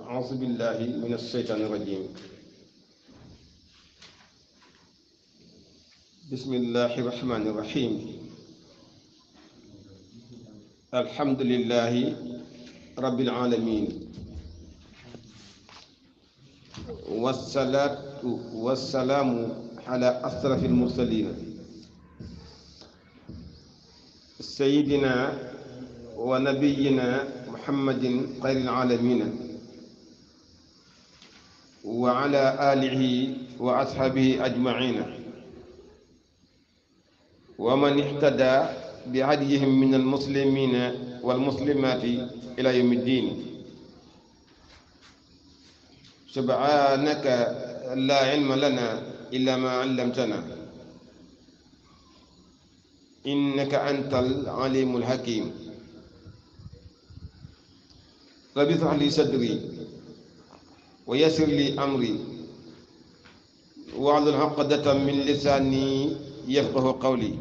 أعوذ بالله من الشيطان الرجيم بسم الله الرحمن الرحيم الحمد لله رب العالمين والصلاة والسلام على أشرف المرسلين سيدنا ونبينا محمد قير العالمين وعلى آله وأصحابه أجمعين ومن اهتدى بهديهم من المسلمين والمسلمات إلى يوم الدين سبحانك لا علم لنا إلا ما علمتنا إنك أنت العليم الحكيم لبث اشرح لي صدري ويسر لي أمري وعد عقدة من لساني يفقه قولي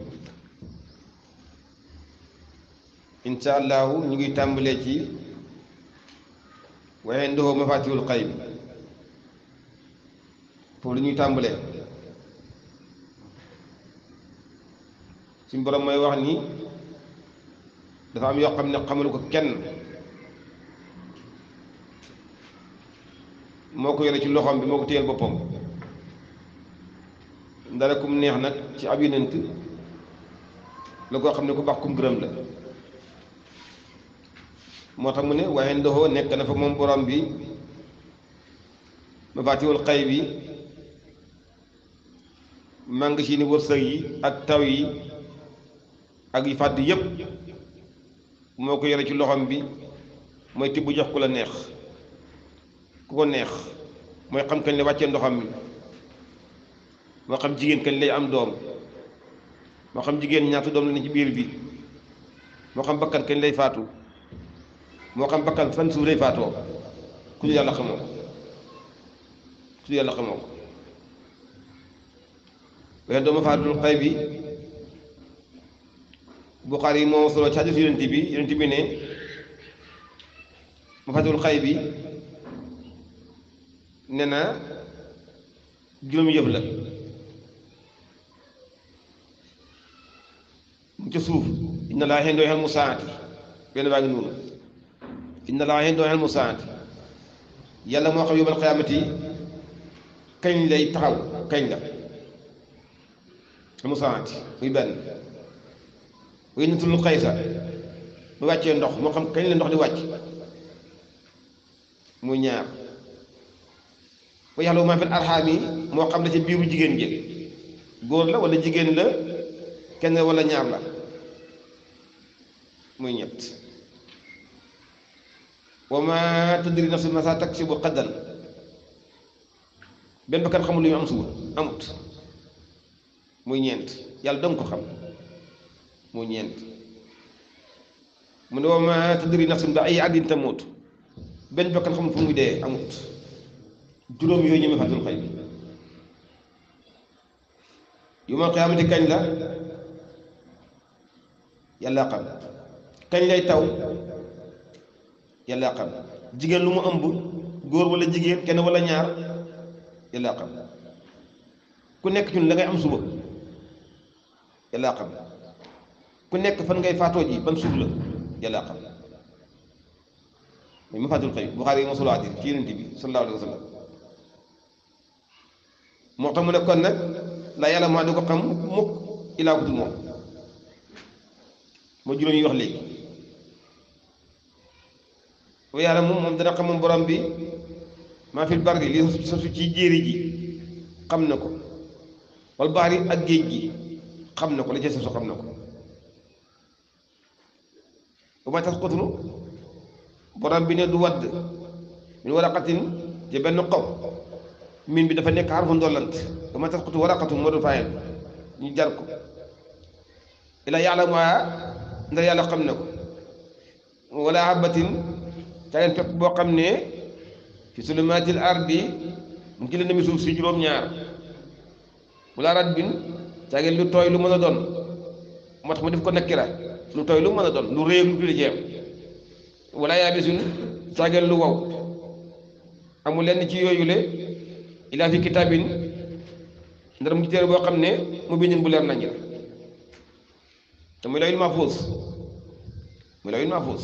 إن شاء الله نجي تنبليكي وعنده مفاتيح الغيب pour ñu tàmbalee suñ borom mooy wax ni dafa am yoo ko kenn moko ko yore ci loxom bi moko téyel boppam ndara kum neex nak ci ab yonent la koo xamne ko bax kum gërëm la motax mu ne waaye ndoxoo nek na fa mom borom bi mafaatiwul xay bi màng ci ni wërsëg yi ak taw yi ak yi fàdd yeb moko ko yore ci loxom bi moy tibbu jox ku la neex ku ko neex mooy xam kañ la wàccee ndoxam mi moo xam jigéen kañ lay am doom moo xam jigéen ñaata doom la ci biir bi moo xam bakkan kañ lay faatu moo xam bakkan fan suuf lay faatoo ku dul yàlla xamoo ko ku dul yàlla xamoo ko wala dooma faatul xay bi Buxaari yi moo solo ci hadiis yonent bi yonent bi ne ma faatul xay bi nee na juróom yëpp la mu ca suuf inna laa xendoo xel mu saati benn baa ngi noonu inna laa xendoo xel mu saati yàlla moo xam yóbbal xiyaamati kañ lay taxaw kañ la mu saati muy benn muy natul lu xaysa mu wàccee ndox moo xam kañ la ndox di wàcc muy ñaar fa yaxlamu maa fil arxaam yi moo xam la ci biiru jigéen ji góor la wala jigéen la kenn wala ñaar la muy ñett wa maa tadri nafsun ma saa taksibu xadan benn bakkan xamul lu ñu am amut ñeent yàlla danga ko xam muy ñeent mu ne wa maa tadri nafsun bi ay addin tamuut benn bakkan xamul fu muy dee amut juróom yooyu ñu mafatul xay bi yawmal qiyaamati kañ la yàlla xam kañ lay taw yàlla xam jigéen lu mu ëmb góor wala jigéen kenn walla ñaar yàlla xam ku nekk ñun la ngay am suba yàlla xam ku nekk fan ngay faatoo ji ban suuf la yàlla xam mooy mafatul xay Buxaari yi mosula ci yonent bi sallallahu alayhi wa sallam mo xam ne kon nag la yàlla maa du ko xam mukk ila ko dul moom moo juróom yi wax léegi bu yàlla moom moom dana xam moom borom bi maa fi barke li sosu ci jéeri ji xam na ko wal baari ak géej gi xam na ko la ca sosu xam na ko bu may tas xotunu borom bi ne du wadd min waraqatin ci benn xaw min bi dafa nekk xarfu ndollant dama tasqutu waraqatu moo doon faayal ñu jar ko ila yaalamuha ndax yàlla xam na ko wala habatin cageen pepp boo xam ne fi sulumatil ardi mu ngi lëndami suuf si juróom-ñaar wala radbin cageen lu tooy lu mën a doon moo def ko nakkira lu tooy lu mën a lu réew lu tuddi jeem wala yaabisun cageen lu wow amul lenn ci yooyule ilaa fi kitaabin ndara mu ngi téere boo xam ne mu bindin bu leer nañ la te muy lawhul mahfuus muy lawhul mahfuus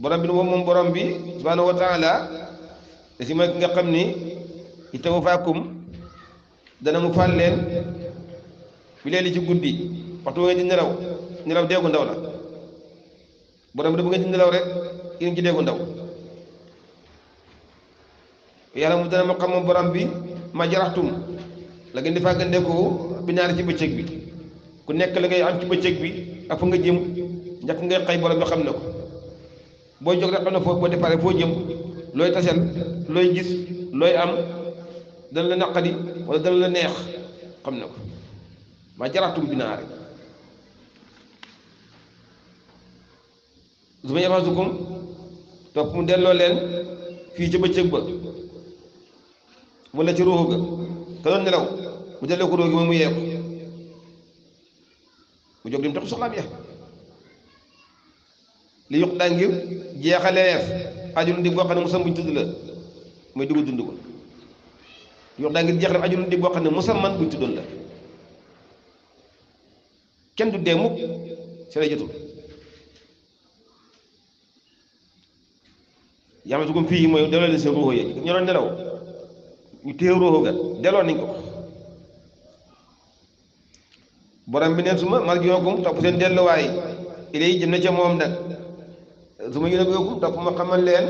borom bi moom moom borom bi subhaanahu wa taala da si mooy ki nga xam ni itawu faakum dana mu fàll leen bi leeli ci guddi waxtu ngeen di nelaw nelaw deegu ndaw la borom bi da bu ngeen di nelaw rek yéen ci deegu ndaw yàlla mu dana ma xam moom borom bi ma jaraxtum la ngeen di fàggandekoo bi naari ci bëccëg bi ku nekk la ngay am ci bëccëg bi ak fa nga jëm njëkk ngay xëy borom bi xam ne ko boo jog rek xam na foo boo déparé foo jëm looy tasel looy gis looy am dana la naqadi wala dana la neex xam na ko ma jaraxtum bi naari su ma yafaasukum topp mu delloo leen fii ci bëccëg ba wala ci ruuxu ga ka doon nelaw mu delloo ko ruux gi moom mu yee ko mu jóg dem tax soxlaam ya li yuq daa ngir jeexaleef ajunu dig boo ne musam buñ tudd la dund ko li yuq daa ngir jeexaleef xam ne musam man buñ tuddoon la kenn du dee mukk se la jotul yaamatukum fii mooy delloo leen seen ruux yi ñoo doon nelaw ñu ga delloo nañ ko borom bi neen suma marjiookum topp seen delluwaay ilay jëm na ca moom nag su ma yónagookum topp ma xamal leen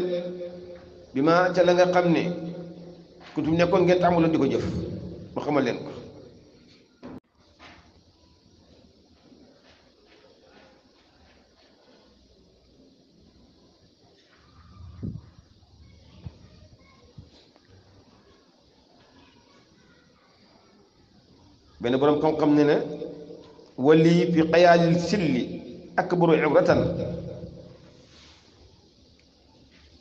bi ma ca la nga xam ne kuntum nekkoon ngeen tàmbaloon di ko jëf ma xamal leen benn borom xam-xam ne ne wali fi xayaalil silli akbaru ibratan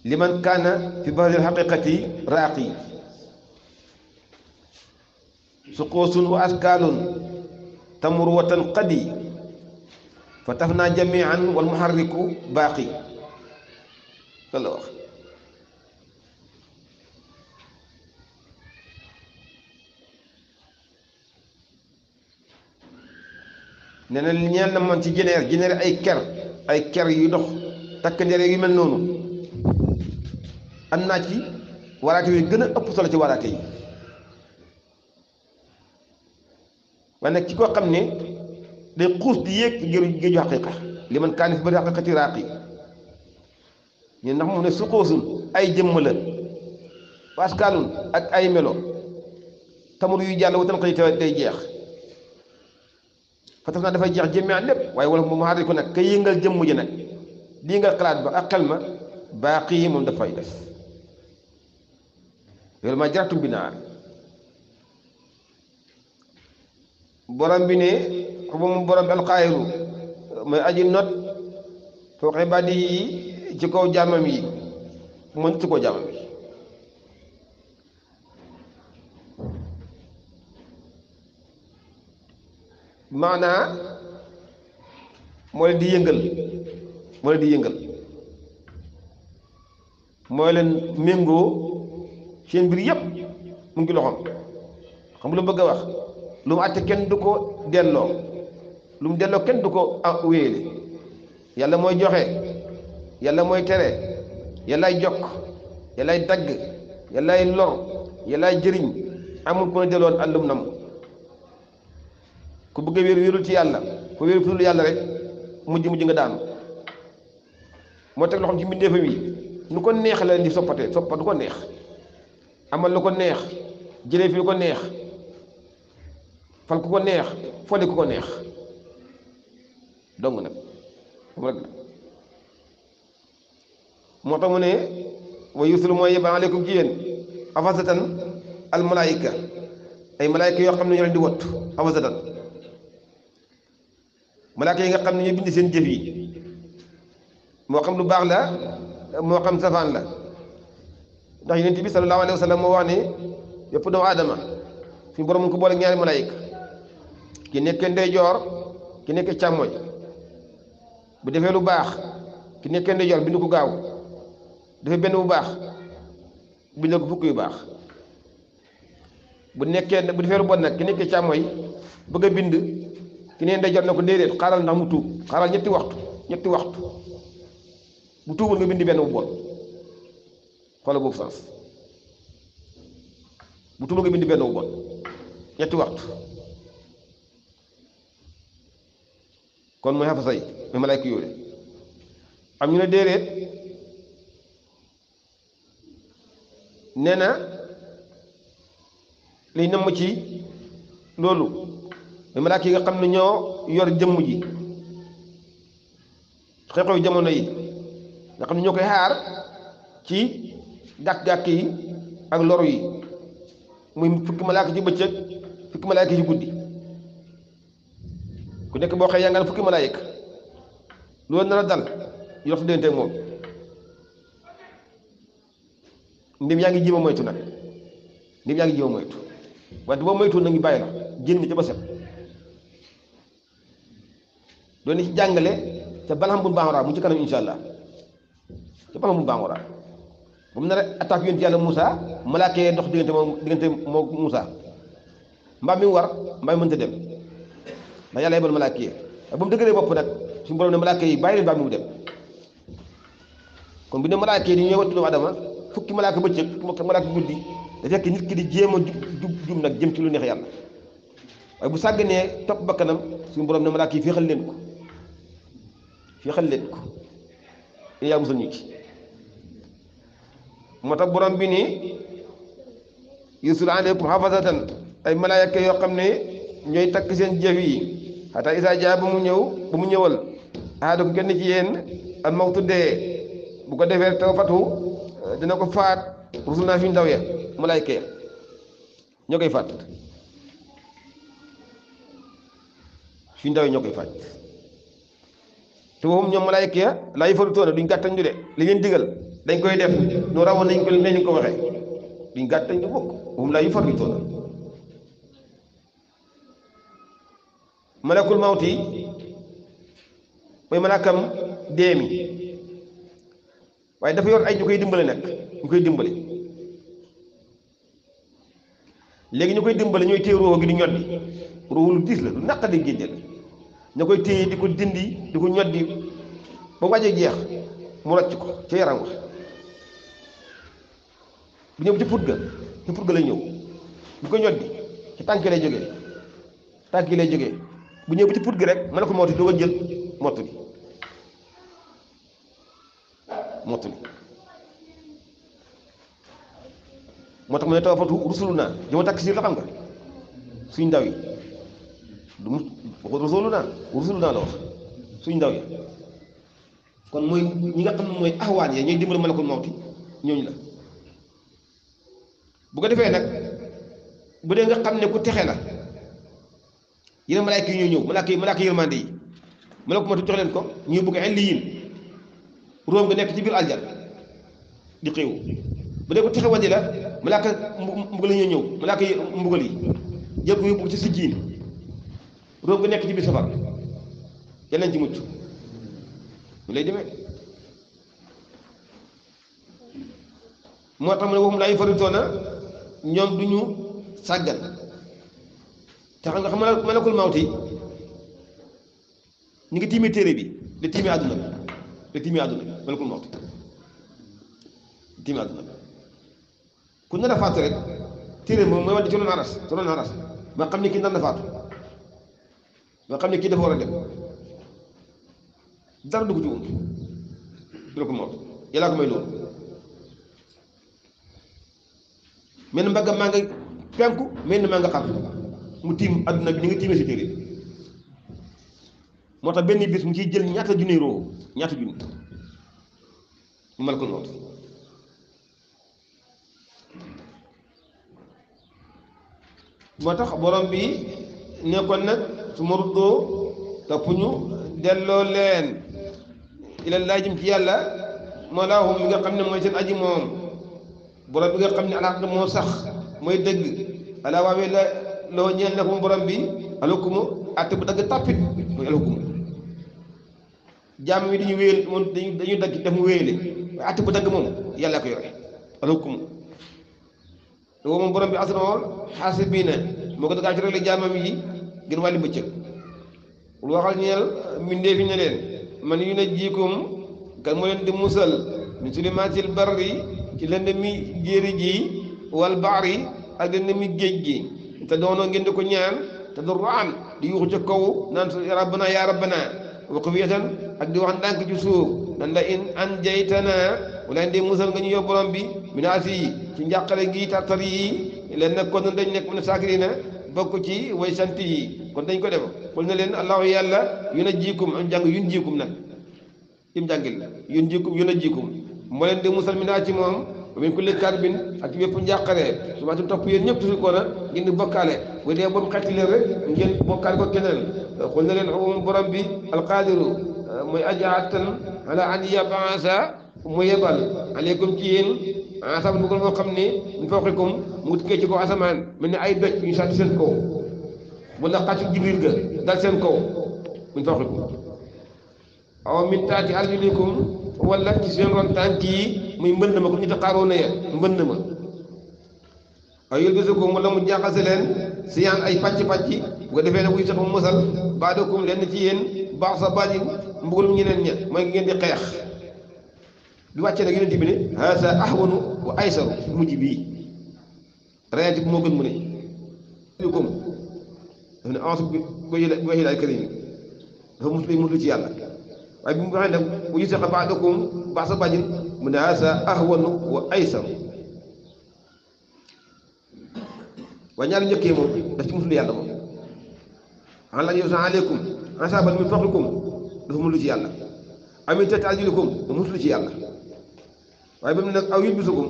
liman kaana fi bahril xaqiqati raaqi suqoosun wa askaalun tamur wa tanqadi fa taf naa jamian wal muharriku baaqi loolu la wax nee na li ñeen na moon ci jineer jineer ay ker ay ker yu dox takk ndere yu mel noonu am naa ci waraate yooyu gën a ëpp solo ci waraate yi waaye nag ci koo xam ne day xuus di yéeg ci géeju géeju xaqiiqa li man kaani fi bari xaqiiqati raaqi ñu ndax moom ne suqoosun ay jëmm la waaskanun ak ay melo tamur yu jàll watan xëy te day jeex parce que dafay jeex jëmmi lépp waaye wala moom xaaral ko nag ka yëngal jëmm ji nag lii nga xalaat ba ak xel ma baaqi yi moom dafay def loolu ma jaratum binaar borom bi ne xubu borom bi alxaayiru mooy aji not foo xebaadi yi ci kaw jaamam yi mënut ci kaw jaamam yi maanaa moo leen di yëngal moo di yëngal mooy leen méngoo seen mbir yépp mu ngi loxoom xam nga lu bëgg a wax lu mu àtte kenn du ko delloo lu mu delloo kenn du ko ah wéyale mooy joxe yàlla mooy tere yàllaay jokk yàllaay dagg yàllaay lor yàllaay jëriñ amul ko ne delloon àllum nam ku bëgg a wér wérul ci yàlla ku wér fu dul yàlla rek mujj mujj nga daanu moo teg loxoom ci mbindeefam yi nu ko neex la di soppate soppa du ko neex amal lu ko neex jëlee fi ko neex fal ko neex fole ku ko neex dong nag moom rek moo tax mu ne wa yusul mooy yebal aleykum ci yéen afasatan al ay malaayika yoo xam ne ñoo leen di wott afasatan malaaka yi nga xam ne ñoo bind seen jëf yi moo xam lu baax la moo xam safaan la ndax yonent bi sallallahu alayhi wa sallam moo wax ne yëpp doomu aadama fi borom mu ko boole ñaari malaayik ki nekk ndeyjoor ki nekk càmmoñ bu defee lu baax ki nekk ndeyjoor bind ko gaaw defee benn bu baax bind ko fukk yu baax bu nekkee bu defee lu bon nag ki nekk càmmoñ bëgg bind ki ne ndeyjoor na ko déedéet xaaral ndax mu tuub xaaral ñetti waxtu ñetti waxtu bu tuubul nga bindi benn bu bon xoola boobu sens bu tuubul nga bindi benn bu bon ñetti waxtu kon mooy xafa say mooy malayka yóole am ñu ne déedéet nee na liñ namm ci loolu malaaka yi nga xam ne ñoo yor jëmm ji xew-xew jamono yi nga xam ne ñoo koy xaar ci gàkk-gàkk yi ak loru yi muy fukki malaaka ci bëccëg fukki malaaka ci guddi ku nekk boo xëy yaa nga fukki malaaka loolu nar a dal yor su dente moom ndim yaa ngi jéem a moytu nag ndim yaa ngi jéem moytu wante boo moytu na ngi bàyyi la génn ca ba set doon ci jàngale te balham bu baaxoraa mu ci kanam insha allah te balham bu baaxoraa ba mu nar a attaque yonent yàlla Moussa malaaka dox diggante moom diggante moo Moussa mbaam mi war mbaam mi mënta dem ndax yàlla yebal malaaka yee mu dëggalee bopp nag suñu borom ne malaaka yi bàyyi leen mbaam mi dem kon bu ne malaaka yi di ñëw Adama fukki malaaka bëccëg fukki malaaka guddi da fekk nit ki di jéem a jub jëm ci lu neex bu suñu borom ne malaaka yi ko fexeel leen ko yaa musal ñu ci moo tax borom bi nii yusul aleykum hafazatan ay malaayika yoo xam ne ñooy takk seen jëf yi xataa isaa ba mu ñëw ba mu ñëwal ahadakum kenn ci yéen al mawtu dee bu ko defee taw fatu dina ko faat rusul naa fi ndaw ya malaayika ya ñoo koy faat fi ndaw ya ñoo koy faat te waxum ñoom malaayka ya laa yafarutoona duñ gàttañ lu de li ngeen digal dañ koy def nu rawoon nañ ko nañ ko waxee duñ gàttañ lu bokk waxum laa yafarutoona malakul mawti mooy malaakam deemi waaye dafa yor ay ñu koy dimbali nag ñu koy dimbali léegi ñu koy dimbali ñooy téye ruuxu gi di ñoddi ruuxu lu diis la lu naqadi génne la ña koy téye di ko dindi di ko ñoddi ba wàjjee jeex mu rocc ko ca yaram wax bu ñëw ci put ga ci put ga lay ñëw bu ko ñoddi ci tànk lay jógee tànk lay jógee bu ñëw ci put gi rek mën ko mooti doo ko jël mottu li mottu li moo tax ne tawafatu rusulu jëma takk la xam nga suñ ndaw yi du mu waxut rasuluna rasuluna la suñ ndaw ya kon mooy ñi nga xam ne mooy axwaan ya ñooy dimbali malakul mawti ñooñu la bu ko defee nag bu dee nga xam ne ku texe la yeneen yi ñoo ñëw malaaka yi malaaka yërmande yi malakul mawti jox leen ko ñu bëgg ay nekk ci biir aljal di xéew bu dee ku texe la malaaka yi ñoo ñëw malaaka yi mbugal yi yëpp yóbbu ci sijjiin roog gu nekk ci biir safar yal nañ ci mucc ñu lay demee moo tax mu ne waxum laa yu faritoona ñoom duñu sàggan te xam nga xam nga malakul mawti ñu ngi tiimee téere bi di tiimee àdduna bi di tiimee àdduna bi malakul mawti di tiimee àdduna bi ku nar a faatu rek téere moom mooy wàllu ci ron aras ci aras ma xam ne kii nar faatu nga xam ne kii dafa war a dem dara dugg ci wuntu du ko moom yàllaa ko may loolu mel mbagga maa nga penku mel maa nga xam mu tiim bi ni nga tiimee si téere moo tax benn bis mu ciy jël ñaata junni roo ñaata junni mu mal ko noot moo tax borom bi nekkoon nag tumurdu topp ñu delloo leen ila laa jëm ci yàlla mawlaahum mi nga xam ne mooy seen aji moom borom bi nga xam ne alxaq moo sax mooy dëgg alaa waawee la loo ñeel lakum borom bi alxukumu àtte bu dagg tàppit mooy alxukumu jaam wi dañu wéel moom dañu dagg def mu wéele waaye bu dagg moom yàlla ko yore alxukumu loolu moom borom bi asramool xaasibiina moo ko daggaa ci rek jaamam yi ngir wàlli bëccëg lu waxal ñeel mbindeef yi ne leen man yu ne jiikum kan moo leen di musal min sulimaatil barri ci lëndëmi jéeri ji wal baari ak lëndëmi géej gi te doonoo ngeen di ko ñaan te du raan di yuuxu ca kaw naan rabbana yaa rabbana wa xufiyatan ak di wax ndànk ci suuf nan in an jaytana wala indi musal nga ñu yow borom bi minaasi ci njàqare gi tartar yi leen nag kon dañ nekk mën a saakiri na bokk ci way sant yi kon dañ ko def xul na leen allahu yàlla yun a jiikum am jàng na jiikum nag im jàngil yun yu na a jiikum moo leen di musal mi naa ci moom min kulli karbin ak ci bépp njàqare su ma topp yéen ñëpp tuuti ko na ngeen di bokkaale bu dee ba mu leen rek ngeen bokkaale ko keneen xul na leen xamum borom bi alqaadiru mooy aji attan ala an yabaasa mu yebal aleykum ci yéen asab mbugal moo xam ne min fawqikum mu tukkee ci kaw asamaan mel ne ay doj ñu sànni seen kaw wala xàccu jibril ga dal seen kaw min fawqikum aw min taati arjulikum wala ci seen ron tànk yi muy mbënd ma comme ñu taxaaroo na ya mbënd ma ay yëlbisukum wala mu jaaxase leen si yaan ay pàcc-pàcc bu ko defee ne buy sax mu mosal baadokum leen ci yéen baax sa baaji mbugal ñeneen ña mooy ngeen di xeex bi wàccee nag yonent bi ne haasa ahwanu wa aysaru mujj bii rayante bi moo gën mu ne lu ne ansu bi waxe laal këriñ dafa mus lay ci yàlla waaye bi mu waxee nag bu ñu sax ba'dakum ba'sa ba'din mu ne haasa ahwanu wa aysaru ci yàlla moom an la yow sa aleykum an saabal min faqrikum dafa muslu ci yàlla amin tatajulikum muslu ci yàlla waaye ba mu nag aw yulbisukum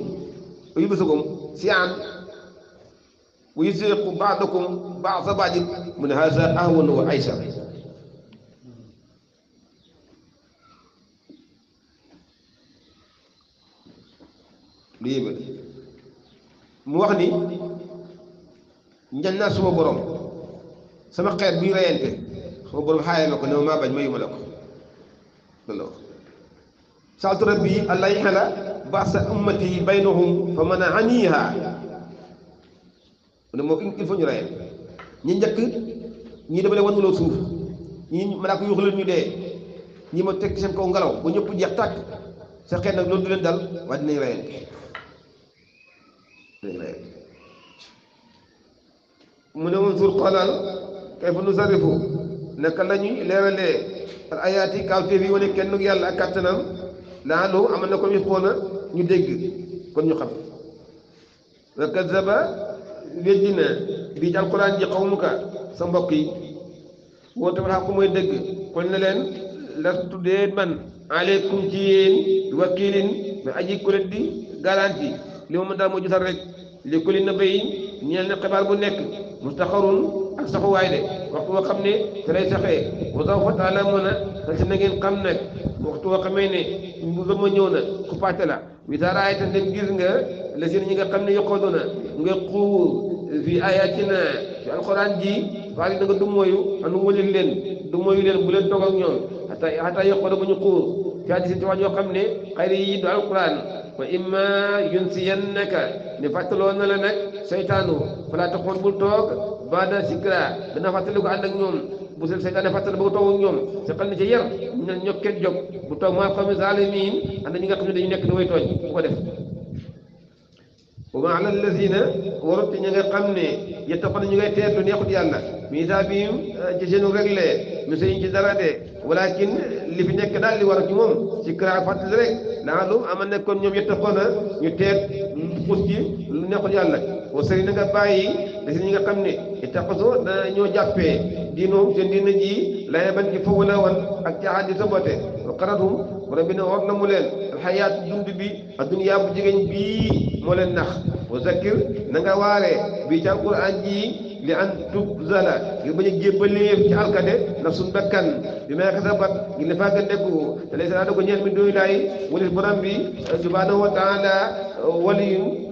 aw yulbisukum siyaan wa yuziqu ba'dakum ba'da ba'din mu ne haza ahwanu wa aysa lu yéeme mu wax ni njan naa suma borom sama xeet bu ñu reyante sama borom xaayal ma ko ne ma maa bañ ma yuma la ko loolu la wax saaltu bi an lay xela baasa ummati baynahum fa man aniha mu ne moo il faut ñu reyal ñi njëkk ñii dama leen wanuloo suuf ñii ma daa ko yuux leen ñu dee ñii ma teg seen kaw ngelaw ba ñëpp jeex tàkk sa xeet nag loolu du leen dal waaye dinañ reyal mu ne moom suur xoolal kay fa nu sarifu naka la ñuy ayaati kaawteef yi wane kenn yàlla ak kattanam laa lu amal na ko yëppoona ñu dégg kon ñu xam wa kazaba weddi na bii ci alquran ji xawmuka sa mbokk yi woo tamit xaq mooy dëgg kon ne leen lastu déet man aleykum ci yéen wakilin mais aji kuréet di garanti li ma mën daal moo jotal rek li kulli na béy ñeel na xibaar bu nekk mustaxarun ak saxuwaay de waxtu boo xam ne te lay saxee wa saw fa taala mën a na ngeen xam nag waxtu boo xamee ne ma ñëw na ku pàcc la wi daa raay tan dem gis nga la ñi nga xam ne yokkoodu na nga xuu fi a ci alxuraan ji faari da nga du mooyu anu wëlil leen du mooyu leen bu leen toog ak ñoom xata xata yokkooda ba ñu xuur ci hadis ci wax yoo xam ne xayri yi du alxuraan wa imma yunsiyannaka ne fàttaloo na la nag seytaanu falaa taxoon bul toog baada sikra dana fàttali ko ànd ak ñoom bu seen seytaane fàttali ba toog ak ñoom seqal na ci yar ñu ne ñoo kenn jóg bu toog maa xawmi zaalimiin ànd ñi nga xam ne dañu nekk ni way tooñ ko def wa maa ala lazina warut ñi nga xam ne yettaqoon ñu ngay teer lu neexut yàlla misa bi ci seenu réglé monsieur yiñ ci dara de walakin li fi nekk daal li war ci moom ci kra fàttali rek laalum ama nekkoon ñoom yettaqoon ñu teer mm, pus ci lu neexut yàlla wa sori na nga bàyyi ñi nga xam ne itaqaso dana ñoo jàppee diinoom seen diina ji laya ban ci foofu la wan ak caaxaan di sabote wa xaratum borom bi ne war na mu leen alxayaatu dund bi adduniyaa bu jigéen bii moo leen nax wa zakir na nga waare bii ci alquran ji li an tubzala ngir bañ a jébbaleef ci alkade nafsun bakkan bi ma kasabat ngir dafa gànneeku te lay salaatu ko ñeel mi dooy laay wala borom bi subhanahu wa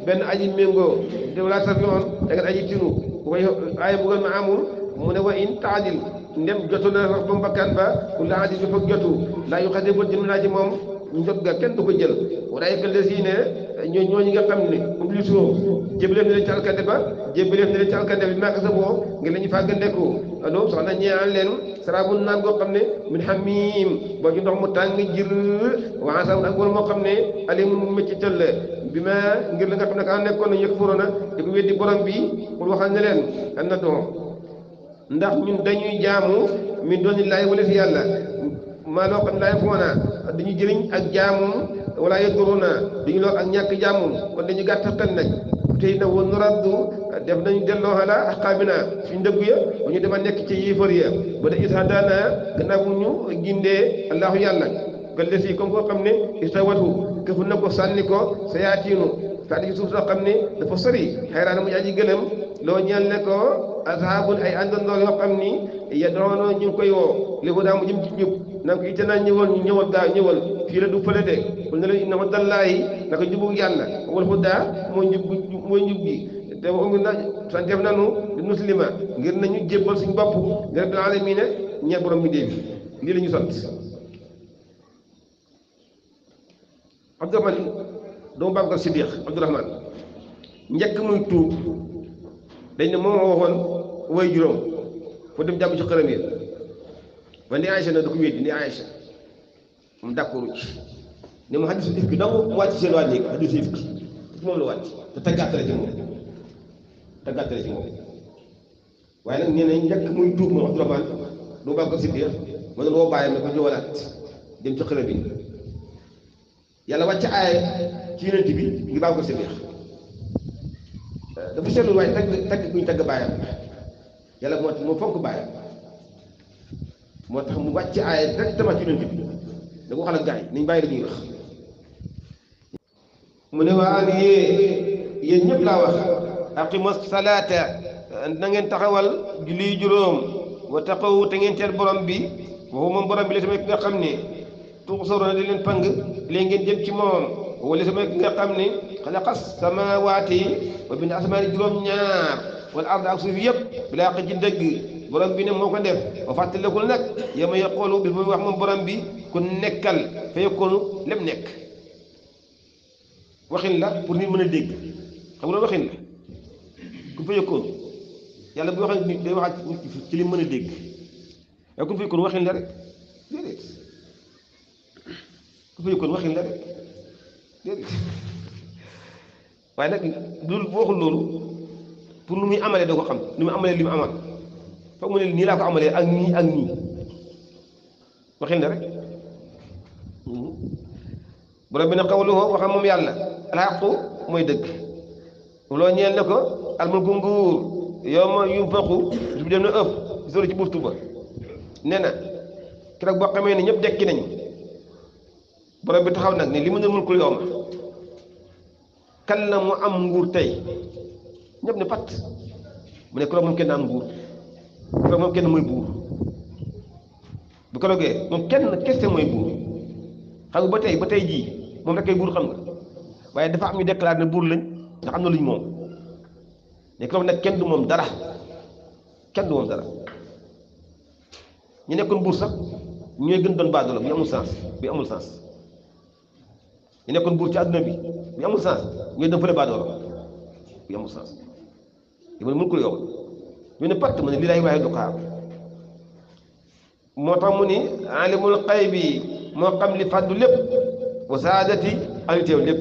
benn aji méngoo déw laa sarfi on da ngeen aji tinu ku koy bugal ma amul mu ne wa in taadil ndem jotu na sax ba mu bakkan ba ku la adil du jotu laa xasee bët jëm moom njot ga kenn du ko jël walaayka lesiine ñoo ñooñu nga xam ne ublisoo jébbaleen ne leen ci alkande ba jébbaleen ne leen ci alkande bi maaka sa boo ngir la ñu fàggandeku alo soxna ñaan leen saraabu naan goo xam ne min xamiim boo ci ndox mu tàng jir waa sa ak wala moo xam ne ale mun mécci tëll bi ma ngir la nga xam ne ka nekkoon nañu yëg foroona di ko borom bi pour waxal ne leen an na doon ndax ñun dañuy jaamu min dooni laay wala fi yàlla maa loo xam ne laa yënguwoonaa dañu ak jaamu wala yënguwoonaa duñu lor ak ñàkk jaamu kon dañu gàttal xel nag tey na woon raddu def nañu delloo xala xaabina suñu dëgg ya bu ñu dema nekk ci yéefar ya ba da isa daana gannaaw ñu gindee allahu yàlla gëlde si comme koo xam ne istawatu këfu na ko sànni ko sa yaatiinu saati ci suuf soo xam ne dafa sori xayraan mu aji gëlëm loo ñeel ne ko ashaabun ay àndandoor yoo xam ni ya doonoo ñu koy woo lébu daa mu naan yi itte naa ñëwal ñu ñëwal daa ñëwal fii du fële de kul ne leen inna hudallaahi naka jubu yàlla wal hudaa mooy njub mooy gi te waxoon na santeef nanu di muslima ngir nañu jébbal suñu bopp ngir rabbil aalamiina ñeer borom bi déebi lii la ñu sant Abdourahman doomu Babacar Siddiq Abdourahman njëkk muy tuub dañ ne moom a waxoon way juróom foo dem jàpp ci xërëm yi ba ne Aïcha na da ko wéddi ne Aïcha moom d'accord ci ne ma xadisu ifk dong mu wàcc seen waa néeg xadisu moom la wàcc te tàggaatale ci moom tàggaatale ci moom waaye nag nee njëkk muy tuub moom Abdourahmane du baax ko si biir ma ne loo bàyyi ma ko ñëwalaat dem ci xërëm bi yalla wàcc aay ci yonent bi ngi baax ko si biir dafa seetlu waaye tagg tagg bu tagg bàyyam yàlla moo moo fonk bàyyam moo tax mu wàcc aaya directement ci yonent bi da ko waxal ak gars yi nañ bàyyi mu ne waa an yée yéen ñëpp laa salaata na ngeen taxawal julli juróom wa taqawu te ngeen borom bi waxu moom borom bi la tamit ki nga xam ne tuxsaroona di leen pang léegi ngeen jëm ci moom wala tamit ki nga xam ne xalaqa samaawaati wa bind asamaani juróom ñaar wala arda ak suuf yëpp bilaa xëj ci dëgg borom bi ne moo ko def ba fàttalikul nag yow ma yaqoolu bis muy wax moom borom bi ku nekkal fa yakkoonu lépp nekk waxin la pour nit mën a dégg xam nga waxin la ku fa yakkoonu yàlla bu waxee nit day wax ci li mën a dégg waaye ku fa yakkoonu waxin la rek déedéet ku fa yakkoonu waxin la rek déedéet waaye nag loolu boo waxul loolu pour nu muy amalee doo ko xam nu muy amalee li mu amal. foog mu ne nii laa ko amalee ak nii ak nii waxin la rek mm-hmm. borom bi ne xawluhu waxam moom yàlla alxaqu mooy dëgg loo ñeel ne ko almulku nguur yow yu yunfaqu su bi dem na ëpp sori ci buftu ba nee na keroog boo xamee ne ñëpp dekki nañ borom bi taxaw nag ne li mu ne mulkul yow ma kan la mu am nguur tey ñëpp ne pat mu ne keroog moom kenn am nguur bu ko moom kenn mooy buur bu ko logee moom kenn kese mooy buur xam ba tey ba tey jii moom rek ay buur xam nga waaye dafa am ñu déclaré ne buur lañ ndax am na luñ moom nekk loolu nag kenn du moom dara kenn du ñu nekkoon buur sax ñooy gën doon baadoolo bi amul sens bi amul sens ñu nekkoon buur ci àdduna bi bi amul sens ñooy doon fële baadoolo bi amul sens li ma mën ko yowal ñu ne patt mu ne lii laay waaye du xaar moo tax mu ni alimul xaybi moo xam li fàddu lépp wa saadati ak lépp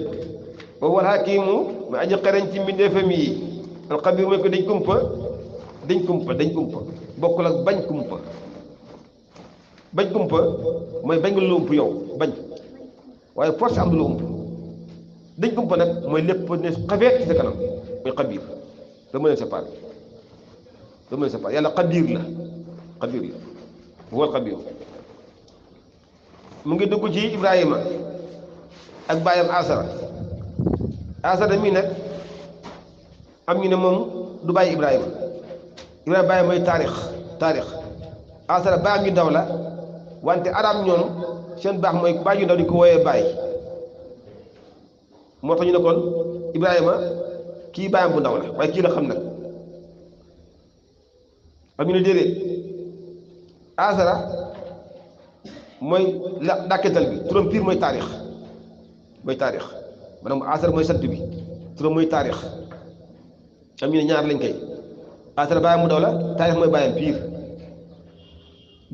wa wal hakimu mu aji xarañ ci mbindeefam yi alxabir mooy ko dañ kumpa dañ kumpa dañ kumpa bokkul ak bañ kumpa bañ kumpa mooy bañ nga lump yow bañ waaye force am du lump kumpa nag mooy lépp ne xafeet ci sa kanam mooy xabir da mën a loolu mooy sa la xabiir la huwal xabiir mu ngi dugg ci Ibrahima ak baayam asara asara mi nag am ñu ne moom du bàyyi Ibrahima Ibrahima bàyyi mooy taarix taarix asara baayam ñu daw la wante araam ñoom seen baax mooy baay ñu daw di ko wooyee baay moo tax ñu ne kon Ibrahima kii baayam bu ndaw la waaye kii la xam nag amina déedéet asara mooy la dàkketal bi turam piir mooy taarix mooy taarix maanaam asara mooy sant bi turam mooy taarix am ñu ne ñaar lañ koy asara bàyyam mu daw la taarix mooy bàyyam piir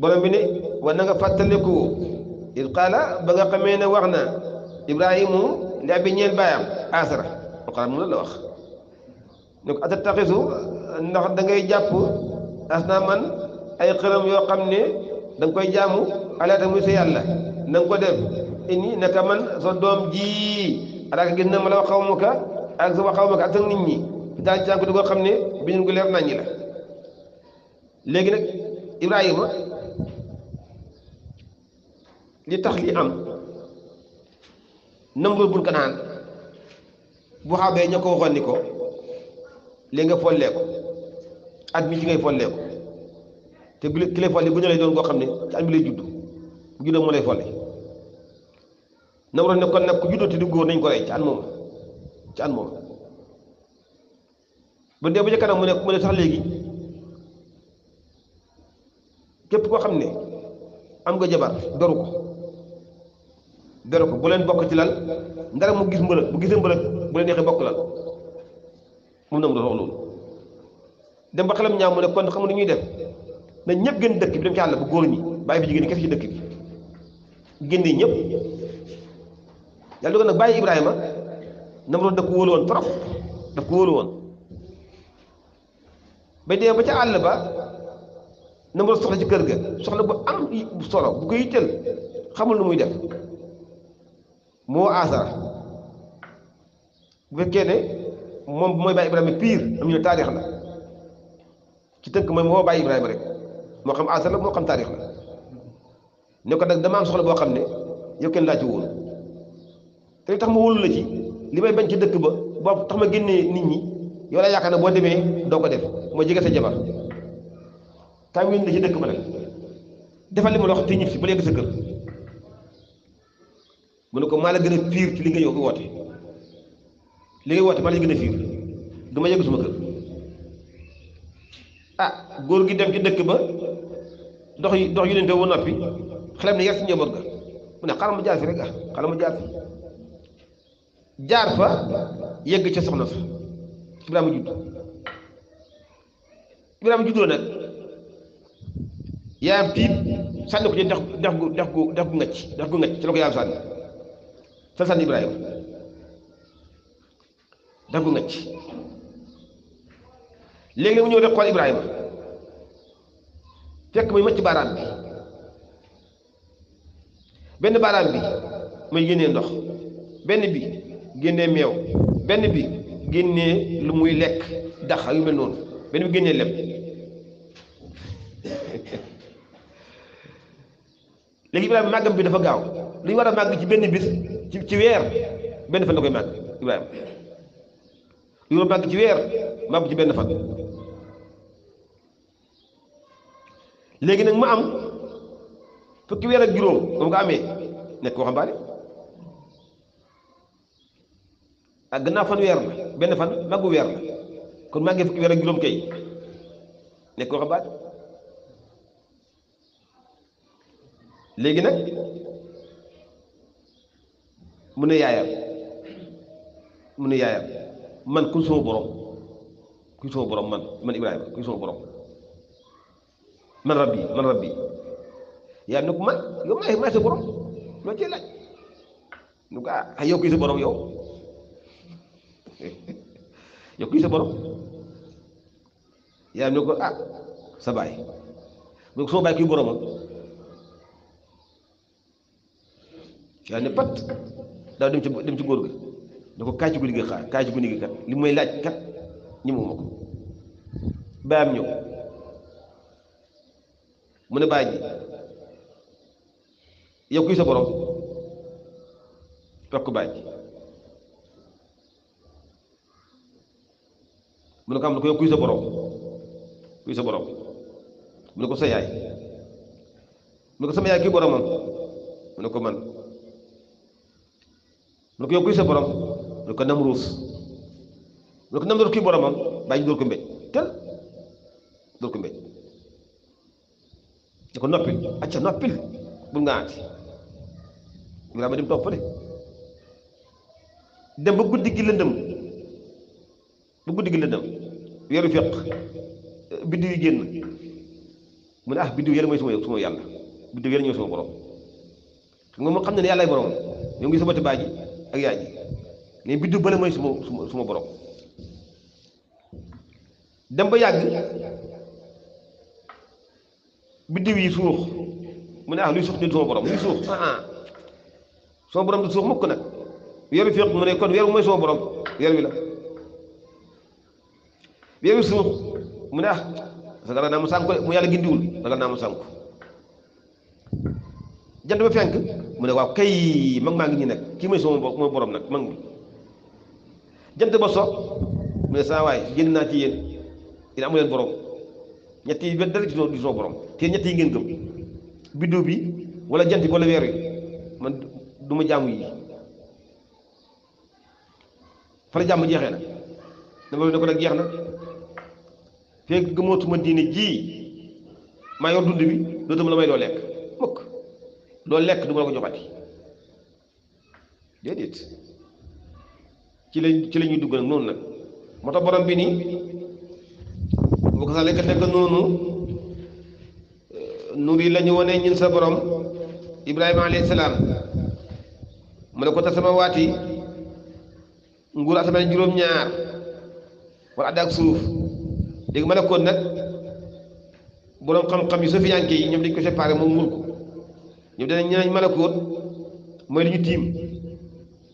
borom bi ne war na nga fàttaliku il qaala ba nga xamee ne wax na ibrahimu li abi ñeel bàyyam asara o qaala moom la la wax ne ko atattaxisu ndax da ngay jàpp as man ay xërëm yoo xam ne da koy jaamu alaata muy sa yàlla na nga ko def ini naka man sa doom ji a gis na ma la wax xaw ka ak sa wax xaw ma ka ak sa nit ñi daal ci tànk di ko xam ne bi ñu ko leer naññi la léegi nag Ibrahima li tax li am Namruud bun Kanaan bu xaabee ñoo ko waxoon ni ko léegi nga follee ko at mi ci ngay follee ko te ki lay folli bu ñu lay doon koo xam ne ci at mi lay juddu bu juddoo mu lay folli na waroon ne kon nag ku juddoo te di góor nañ ko rey ci at moom ci at moom ba dee ba ca mu ne mu ne sax képp am nga jabar doru ko doru ko bu leen bokk ci lal ndara mu gis mbërëg bu gisee bu lal na mu wax dem ba xelam ñaaw mu ne kon xamu ne ñuy def na ñëpp gën dëkk bi dem ci àll bu góor ñi bàyyi bi jigéen ñi kese ci dëkk bi génne ñëpp yàlla dogal nag bàyyi Ibrahima Namrood daf ko wóolu woon trop daf ko wóolu ba dee ba ca àll ba Namrood soxla ci kër ga soxla bu am solo bu ko yitteel xamul nu muy def moo aasara bu fekkee ne moom mooy bàyyi Ibrahima pire am ñu ne taarix la ci tënk mooy moo bàyyi Ibrahima rek moo xam asar moo xam taarix la ne ko nag dama am soxla boo xam ne yow kenn laa ci te li tax ma wóolu la ci li may bañ ci dëkk ba boo tax ma génnee nit ñi yow laa yaakaar ne boo demee doo ko def moo jege sa jabar kaam yónni la ci dëkk ba nag defal li ma la te ñib si ba léegi sa kër mu ne ko maa la gën a fiir ci li nga yow ko woote li nga woote ma la gën a fiir du ma yegg suma kër góor gi def ci dëkk ba ndox yi ndox yu leen ba noppi xelam ne yar si njaboot ga mu ne xaaral ma jaar fi rek ah xaaral ma jaar fi jaar fa yegg ca soxna fa Ibrahima judd Ibrahima juddoo nag yaayam tiib sànni ko ci dex dex gu dex gu dex gu ngacc dex gu ngacc ci la ko yaayam sànni sa sànni Ibrahima dex gu ngacc léegi mu ñëw rek xool Ibrahima fekk muy macc baaraam bi benn baaraam bi muy génnee ndox benn bi génne meew benn bi génne lu muy lekk dax ak yu mel noonu benn bi génnee lem léegi Ibrahima màggam bi dafa gaaw li war a màgg ci benn bis ci ci weer benn fan la koy màgg Ibrahima li war a màgg ci weer màgg ci benn fan léegi nag ma am fukki weer ak juróom ba mu ko amee nekk waxambaane ak gannaaw fan weer benn fan màggu weer la kon maa ngi fukki weer a juróom kay nekk waxambaane léegi nag mu ne yaayam mu ne yaayam man kuy sama borom kuy sama borom man man Ibrahima kuy sama borom. man rabbi man rabbi yaa ne ko man yow maay maay sa borom loo cee laaj nu ko ah, ah yow kii sa borom yow yow kii sa borom yaa ne ko ah sa baay mu ne ko sama baay kii boromam yaa ne pat daaw dem ci dem ci góor ga ne ko kaay ci guddi gi xaar kaay ci guddi gi kat li mooy laaj kat ñi mu ma ko baayam ñëw mun ne bàyyi ji yow kuy sa borom fekk bàyyi ji mu ko am ne ko yow kuy sa borom kuy sa ko sa yaay mu ne ko sama yaay kuy boromam mu ne ko man mu ne ko yow kuy sa borom mu ne ko Namruus mu ne ko Namruus kuy boromam bàyyi ji dóor ko mbéj tel dóor ko mbéj ne ko noppil acca noppil bul nga aati Ibrahima dem toppale dem ba guddi gi lëndëm ba guddi gi lëndëm weeru feq génn mu ah biddiw yéen mooy suma yàlla biddiw yéen xam ne ne yàllaay borom ñoo ngi sabati baaji ak mooy suma suma suma borom dem ba yàgg biddiw yi suux mu ne ah luy suux nit sama borom luy suux ah ah sama borom nag kon weer wu borom weer wi la weer wi suux mu ah ragal naa mu sànku mu yàlla gindiwul ragal naa mu sànku jant ba fenk mu ne waaw kay mag maa ngi nii nag kii mooy sama mooy borom nag mag mi jant ba so mu ne saa waay naa ci yéen yéen amu leen borom. ñett yi benn dara gisoo gisoo borom te ñett ngeen gëm biddu bi wala jant wala weer yi man du ma jaamu yi fa la jàmm jeexee na dama ne ko nag jeex na feeg gëmootuma diine ji maa yor dund bi dootuma la may lekk mukk lekk la ko joxati ci lañ ci dugg noonu nag moo tax borom bi bu ko sale ka nekk noonu eh, nuur yi la ñu wane ñun sa borom ibrahima alayhi salaam mu ne ko ta sama waati nguur asamaan juróom-ñaar wala àdd suuf léegi ma ne kon nag borom xam-xam yi sofiyanke yi ñoom dañ ko séparé moom nguur ko ñoom danañ ñeneen malakoot mooy li ñu tiim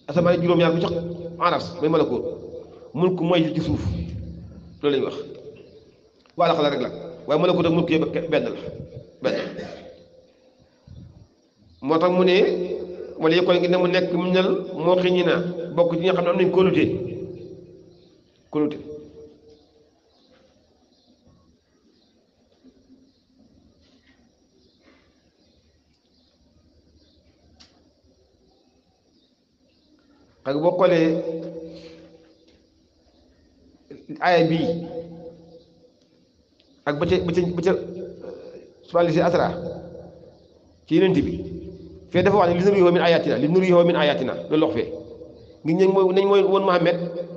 asamaan juróom-ñaar bu sax aras mooy malakoot mulk mooy ci suuf loolu wax wala xala rek la waaye malakut benn la benn moo tax mu ne wala yëpp kon ngi ne mu nekk mu nel moo xi na bokk ci ñi xam ne am nañ kóolute kóolute xam nga boo xoolee aaya ak ba ca ba ca ba euh, ci yenent bi fee dafa wax ne li nuriyoo min ayatina li nuriyoo min ayatina loolu wax fee ngir ñañ mooy nañ mooy woon Muhammad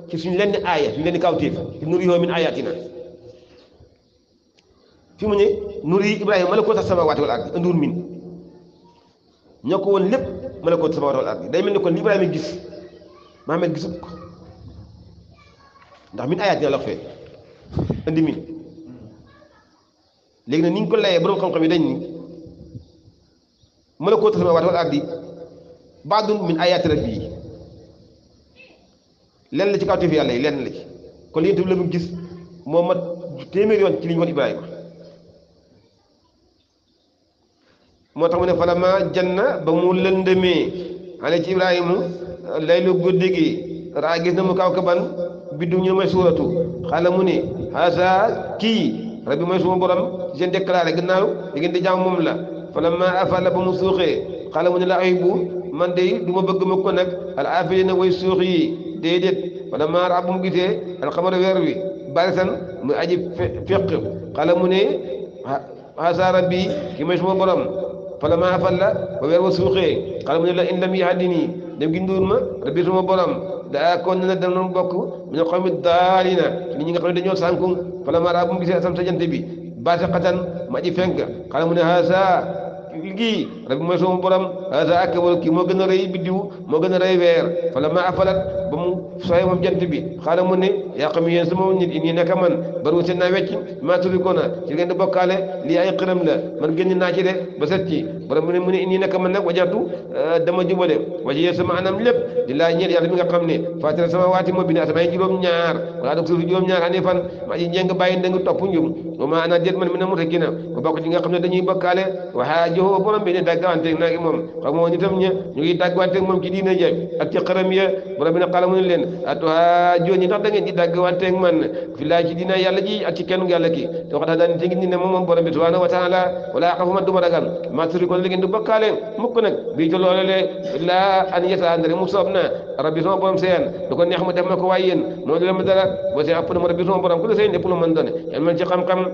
ci suñu lenn aaya suñu lenn kawtéef li nuriyoo min ayatina fi mu ne nuri ko woon lépp malakoota samaawaati day mel ni kon li Ibrahima gis Muhammad gisut ndax min ayatina la wax andi min léegi nag niñ ko layee borom xam-xam yi dañ ni malakuutu samaawaati wal ardi baadun min ayaati rabbi yi lenn la ci kaw teef yàlla yi lenn la ci kon yéen la mu gis moo mat téeméeri yoon ci li ñu wan moo tax mu ne falama janna ba mu lëndëmee ale ci Ibrahima laylu guddi gi raa gis na mu kaw kaban biddu ñu may suuratu xaala mu ne haasa kii rabbi moy suma borom je déclarer déclaré gannaaw li ngeen di jaamu mom la falamma afala bu musuxé suuxee xala mu la aybu man day duma bëgg ma ko nag al afilina way suxi dedet déedéet ma raa gité al khamara wer wi barisan mu aji fiq xala mu ne xasa rabbi ki moy suma borom falamma afala wa wer wa suxé xala mu la in lam yahdini dem gi nduur ma rabbi suma borom daa kon ne na dem na mu bokk mi ne xawmi daalina nit ñi nga xam ne dañoo sànku fala ma raa mu gisee asam sa jant bi baati xatan ma ji fenk xala mu ne haasa gii rabbi mooy sama borom hada akbar kii moo gën a rëy biddiw moo gën a rëy weer fala ya ma afalat ba mu sooy jant bi xaala mu ne ya xam yéen sama nit ini nekk man baru seen naa wecc maa turikoona ci ngeen di bokkaale lii ay xërëm la man génn naa ci de ba set ci borom ne mu ne ñi nekk man nag wajatu eh, dama jubale waje sama anam lépp di ñeel mi nga ne sama waati moo bina asamay juróom-ñaar wala dog suuf juróom-ñaar ani fan ma ji njëng bàyyi ndëng topp njum ma ana déet man mi na mu bokk ci nga woo borom bi ne dàggawanteeg naagi moom xamoo nitam ña ñu ngi dàggawanteeg moom ci diina ja ak ci xaram borom bi ne xala leen atoa jooni tax da ngeen ni ne moom borom bi subhanahu wa taala wala xafuma duma ragal maa turikoon li le laa an yesa andare mu soob rabbi sama borom seen du ko mu def ma ko waaye yéen moo lu ma dara ba see app rabbi sama borom ku seen lépp lu mën doone yal man ci xam-xam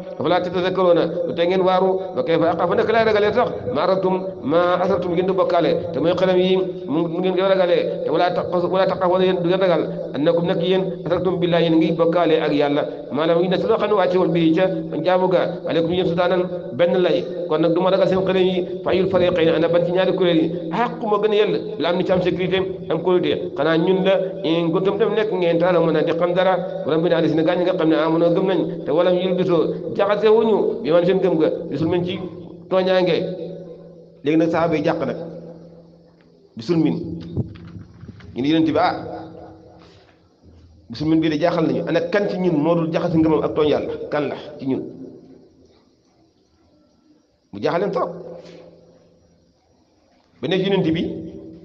du te ngeen ba kay fa aqafa naka laa ragalee sax maaratum ma asratum ngeen di bokkaale te mooy xalam yi mu ngeen koy ragalee te wala tax wala tax wala yéen du ngeen ragal annakum nekk yéen asratum billahi yéen ngi bokkaale ak yàlla maanaam ngi ne su loo xam ne wàcce woon bii ca jaamu ga aleykum yéen sultaanan benn lay kon nag du ma ragal seen xalam yi fayul fariqayn ana ban ci ñaari kuréel yi xàq moo gën a yell la am ni ci am sécurité am kóolute xanaa ñun la in guntum tam nekk ngeen taala mën a di dara borom bi nga xam ne amono gëm nañ te walam yulbisoo jaxase wuñu bi man seen gëm ga gisul men léegi nag saxaaba yi jàq nag bi sulmin ñu ne yonent bi ah bi sulmin bii de jaaxal nañu ana kan ci ñun moo dul jaxasi ak tooñ yàlla kan la ci ñun mu jaaxaleen toog ba nekk yonent bi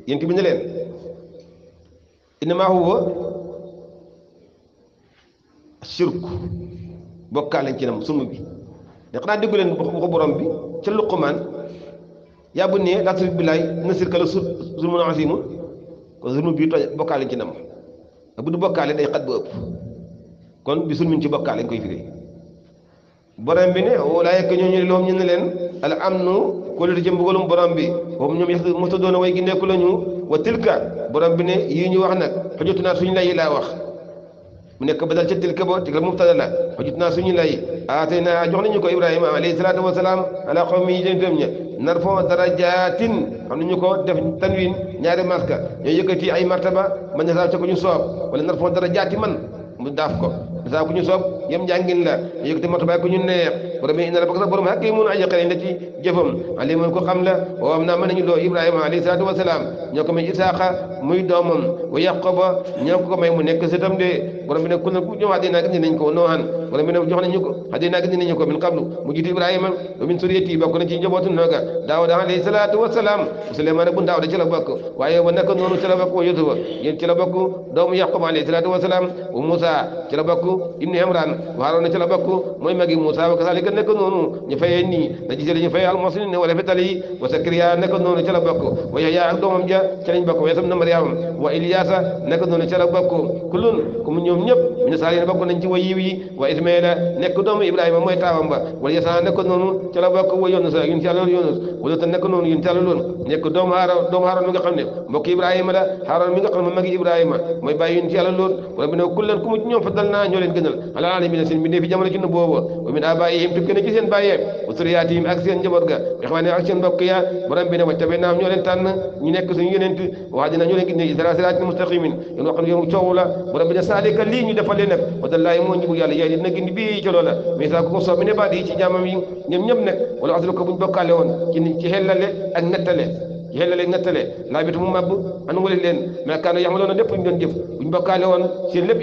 yonent bi ne leen innamaa huwa shirk bokkaale ci nam sunu bi da xanaa déggu leen waxu borom bi ca Luqmaan yaa bu nee laa tushrik billaay inna shirka la zulmun aziim kon zulmu bii tooñ bokkaale ci nam bu du bokkaale day xat ba ëpp kon bi sulmin ci bokkaale lañ koy firi borom bi ne walaayeka ñoo ñu loom ñu ne leen al amnu kóolute ci mbugalum borom bi moom ñoom yax mosta doona way gi nekku la ñu wa tilka borom bi ne yii ñu wax nag xojatu naa suñu lay laa wax mu nekk badal ca tilka ba tilka mubtada la hujjatnaa suñu lay atayna jox nañu ko ibrahima alayhi salatu wassalam ala qawmi yi dem ña narfo darajatin xam nañu ko def tanwin ñaari maska ñoo yëkëti ay martaba man na sa ca ko ñu soob wala narfo darajaati man mu daf ko saa ku ñu soob yam jàngin la yëkkati matubaay ku ñu neex borom yi ina la bokk borom hakki mun aji xereñ la ci jëfam ali mooy ko xam la wa am naa mën nañu loo ibrahima alayhi salaatu wasalaam ñoo ko may isaaqa muy doomam wa yaquba ñoo ko may mu nekk sëtam de borom bi ku ne ku ñëw àddina gis nañ ko noohan borom bi jox nañu ko àddina gis nañu ko min qablu mu jiitu ibrahima min suriyati bokk na ci njabootu nooga daawuda alayhi salaatu wasalaam suleymaan bu daawuda ci la bokk waaye wa naka noonu ci la bokk wa yusufa ci la bokk doomu yaquba alayhi salaatu wasalaam wa musa ci la bokk ibni imran waaroon na ci la mooy magi Muusa wa kasaalika nekk noonu ñu fayee nii da gisee ñu fayee almosin ne wala wa sakriya nekk noonu ci la wa yaxya ak doomam ja ci wa yasam na noonu ci la wa yiw ba wala yasaa nekk noonu ci la bokk wa yunus yun ci àlloon yunus wala ta nekk noonu yun ci àlloon nekk doomu haaro doomu haaroon mi nga xam ne mbokk ibrahima la haaroon mi nga xam ne ibrahima mooy bàyyi yun ci àlloon wala bi kullan ku mu ñoom fadal naa leen gënal alal alamina seen mbindee fi ci nu booba wa min abaihim tukkee na ci seen bàyyee wa suriyaatihim ak seen njaboot ga ixwaane ak seen mbokk ya borom bi ne wa tabe naam ñoo leen tànn ñu nekk suñu yonent lii ñu defal leen nag wa moo njubug yàlla yaay dina gindi bii ci loola mais saa ko soo mi ne baadi ci jaamam yi ñoom ñëpp wala aslu ko buñ bokkaale woon ci ci xellale ak nettale laa bitu mu màbb an wali leen kaano yaxmaloon na lépp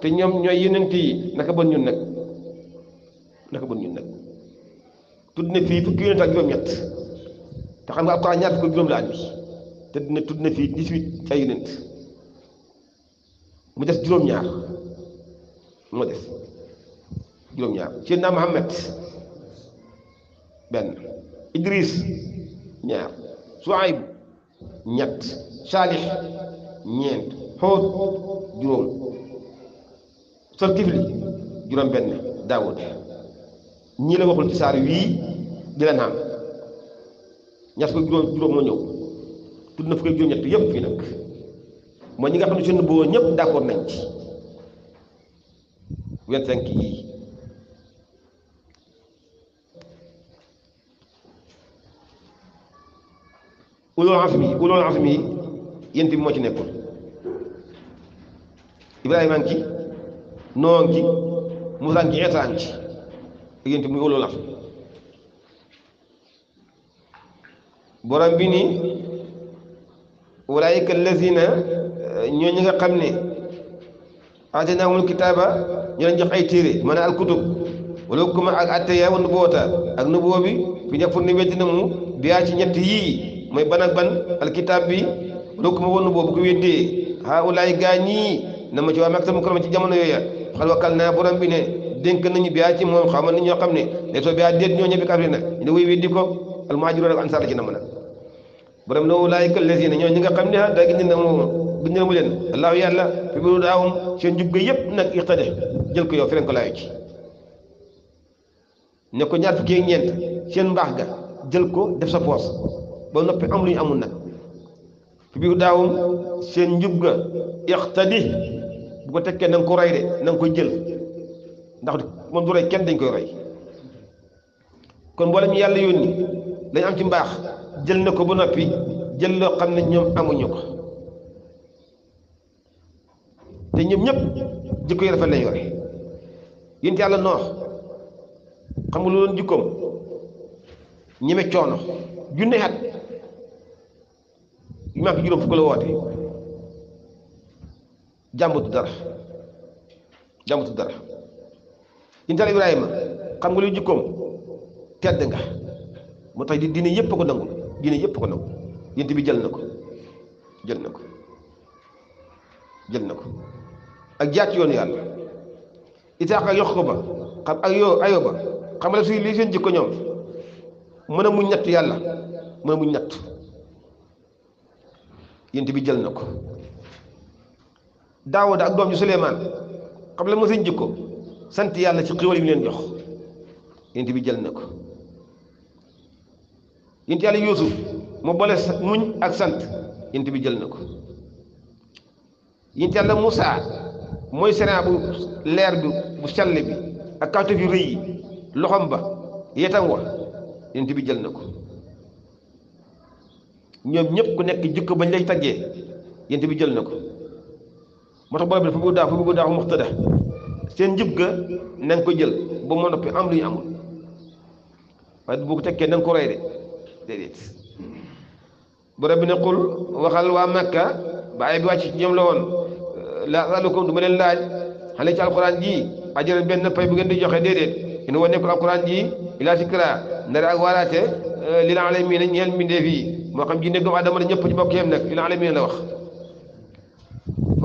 te ñoom ñooy yonent yi naka bon ñun nag naka bon ñun nag tudd na fii fukki yonent ak juróom-ñett te xam nga ab ko ñaar fukk juróom la andi dina tudd na fii dix-huit ay yonent mu des juróom-ñaar moo des juróom benn Idris ñaar Suayb ñett Saalix ñeent Xoot juróom sor tifli juróom benn daawud ñii la waxul ci saar wii di la naam ñaar juróom juróom moo na fukki juróom ñett yëpp fii nag mooy ñi nga xam ne suñu boo ñëpp d'accord nañ ci vingt-cinq yii ulul azmi yi ulul azmi yi moo ci nekkul ibrahima ngi noongi musangi etaanki yinti muy ululaf borom bi ni ulaayika allazina eh, ñoo ñi nga xam ne aataynaahumul kitaaba ñu leen jox ay téere maanaam al kutub wala kuma ak ya wa nubuwata ak nubuwa bi fi ñëpp ni weddi na mu biyaa ci ban ak ban al kitaab bi wala kuma wa nubuwa bu Ha ulai haa ulaay na ma ci waa Makka mukarrama ci jamono xal wakkal naa borom bi ne dénk nañu biyaa ci moom xamal ni ñoo xam ne day soo biyaa déet ñoo ñëpp kafri na ñu ne wuy weddi ko almuhaajiruuna ak ansaar la ci na mën borom ne ñoo ñi nga xam ne a ah daa gis ne leen allahu yàlla fi biru daawum seen jub ga yëpp nag iqtade jël ko yow feneen ko laayu ci ne ko ñaar fukki ñeent seen mbaax ga jël ko def sa poos ba noppi am lu ñu amul nag fi biru daawum seen njub ga iqtadi bu ko tekkee na nga ko roy de na nga koy jël ndax moom roy kenn dañ koy roy kon mboolem yàlla yónni dañ am ci mbaax jël na ko ba noppi jël loo xam ne ñoom amuñu ko te ñoom ñëpp jikko yi rafet lañ yore yént yàlla noox xam nga lu doon jikkoom ñeme coono junne xat yu mag juróom fukk la woote jàmbatu dara jàmbatu dara intal Ibrahima xam nga lu jikkoom tedd nga moo tax di diine yëpp ko nangu diine yëpp ko nangu yent bi jël na ko jël na ko jël na ko ak jaat yoonu yàlla Isaaqa yox ko ba xam ak yoo ayo ba xam nga suy lii seen jikko ñoom mën a muñ nattu yàlla mën a muñ nattu yent bi jël na ko daawuda ak doom ji suleymaan xam la moo seen jikko sant yàlla ci xéwal leen jox yent bi jël na ko yent yàlla yuusuf mu ak sant yent bi jël na ko yent yàlla mooy séran bu leer bi bu sall bi ak kawtef yu rëy loxom ba yetam wa yent bi jël na ko ñoom ñëpp ku nekk jikko bañ lay tagge yent bi jël na ko moo tax borom bi dafa bëgg daaw fa bëgg daaw muxtada seen njëb ga na ko jël ba ma noppi am lu ñu amul waaye bu ko tekkee na nga ko waxal waa Makka ba ay bi wàcc ci ñoom la woon la asalukum du ma leen laaj xale ci alxuraan ji ajëran benn pay bu ngeen di joxe déedéet in wa nekkul alxuraan ji ilaa zikraa ndare ak waaraate lil aalamiina ñeel mbindeef yi moo xam jinne doomu aadama la ñëpp ci bokk yem nag lil a la wax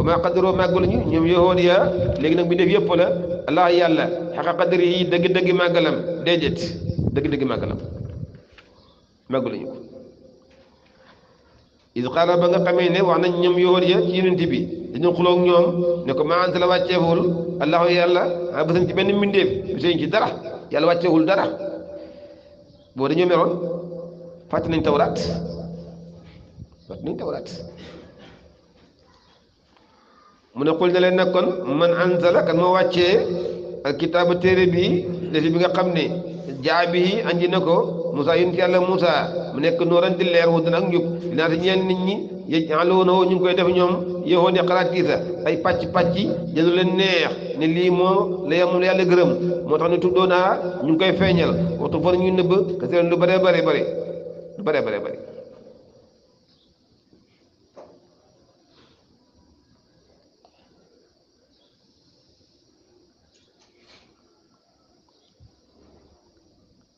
wa maa qadaroo màggaluñu ñoom yowoon ya léegi nag bi def yëpp la allah yàlla xaqa qadar yi dëgg dëgg màggalam déedéet dëgg dëgg màggalam màggaluñu ko is xaala ba nga xamee ne wax nañ ñoom yowoon ya ci yonent bi dañu xuloo ak ñoom ne ko maa ansala wàcceewul allahu yàlla a ah, basañ ci benn mbindeef bisañ ci dara yàlla wàcceewul dara boo dañoo meroon fàtte nañ tawraat fàtte nañ tawraat mu ne xul ne leen nag kon man anzala am moo wàccee kitaaba téere bi lefi bi nga xam ne jaabi yi andi na ko Moussa yonent yàlla Moussa mu nekk nooran di leer wudan ak njub dinaa te ñeen nit ñi yëj àloo na woo ñu ngi koy def ñoom yoxoo ne xalaatiisa ay pàcc-pàcc jëlu leen neex ne lii moo la yamul yàlla gërëm moo tax ne tuddoonaa ñu ngi koy feeñeel waxtu far ñu nëbb ka seen lu bare bare bare lu bare bare bare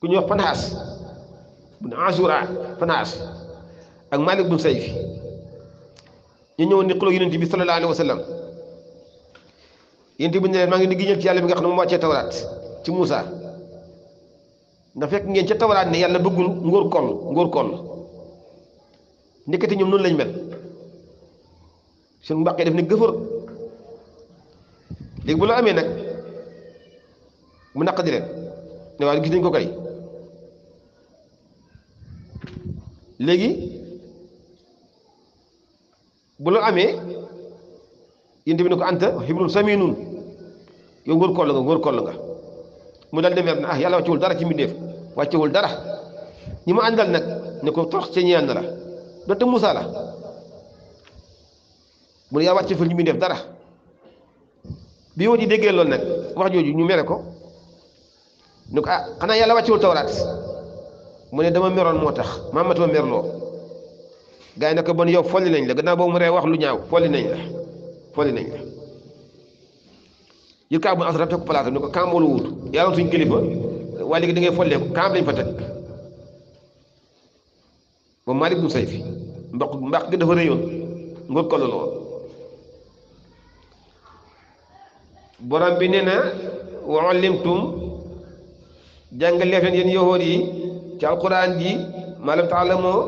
ku ñuy wax Fanaas bu ne Ashura Fanaas ak Malik bun Sayf ñu ñëw ni xuloo yonent bi sallallahu alayhi wa sallam yonent bi ne maa ngi ni giñal ci yàlla bi nga xam ne moo moom wàccee tawraat ci Muusa ndax fekk ngeen ca tawraat ne yàlla bëggul ngóor koll ngóor koll nekkati ñoom noonu lañ mel seen mbàqee def ne gëfër léegi bu la amee nag mu naq di leen ne gis nañ ko kay léegi bu la amee yéen tamit ne ko anta xibrun saminun yow ngóor koll nga ngóor koll nga mu dal demee na ah yàlla wàccewul dara ci mbindeef wàccewul dara ñi ma àndal nag ni ko torox ca ñaan la donte Moussa la mu ne yaa wàcce ful ñu dara bi yow di déggee loolu nag wax jooju ñu mere ko ne ko ah xanaa yàlla wàccewul tawraat mu ne dama meroon moo tax maamat ma merloo gars yi ne ko bon yow folli nañ la gannaaw boobu mu ree wax lu ñaaw folli nañ la folli nañ la yër kaa bu asrab teg ko palaata ni ko kaam wala wut fa teg ba Malick bu say fi mbaq mbaq gi dafa réyoon ngóor ko lool borom bi ne na wa allimtum jàngaleef leen yéen yahood yi ci alquran ji malam taalamoo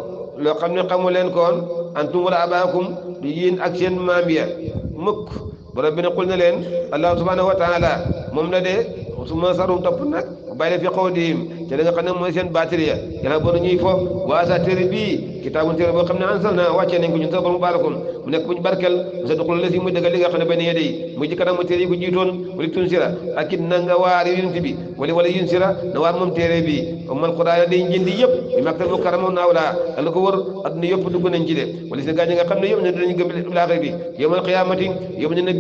loo xam ne xamu leen koon antum wala abaakum di yéen ak seen maam ya mukk borom bi ne xul na leen allah subhanahu wa taala moom la de su ma sarum topp nag bàyyi la fi xawdihim ca li nga xam ne mooy seen batterie yàlla bonu ñuy fo waasa téere bii kitaabu ne ansal na wàccee nañ ko ñun sabal mu baarakoon ñu ne benn yedde mu téere ko jiitoon wali tun sira ak it na nga waar yunti bi wala ne yëpp ne dinañ gëm laaxir bi yawmal qiyaamati yawma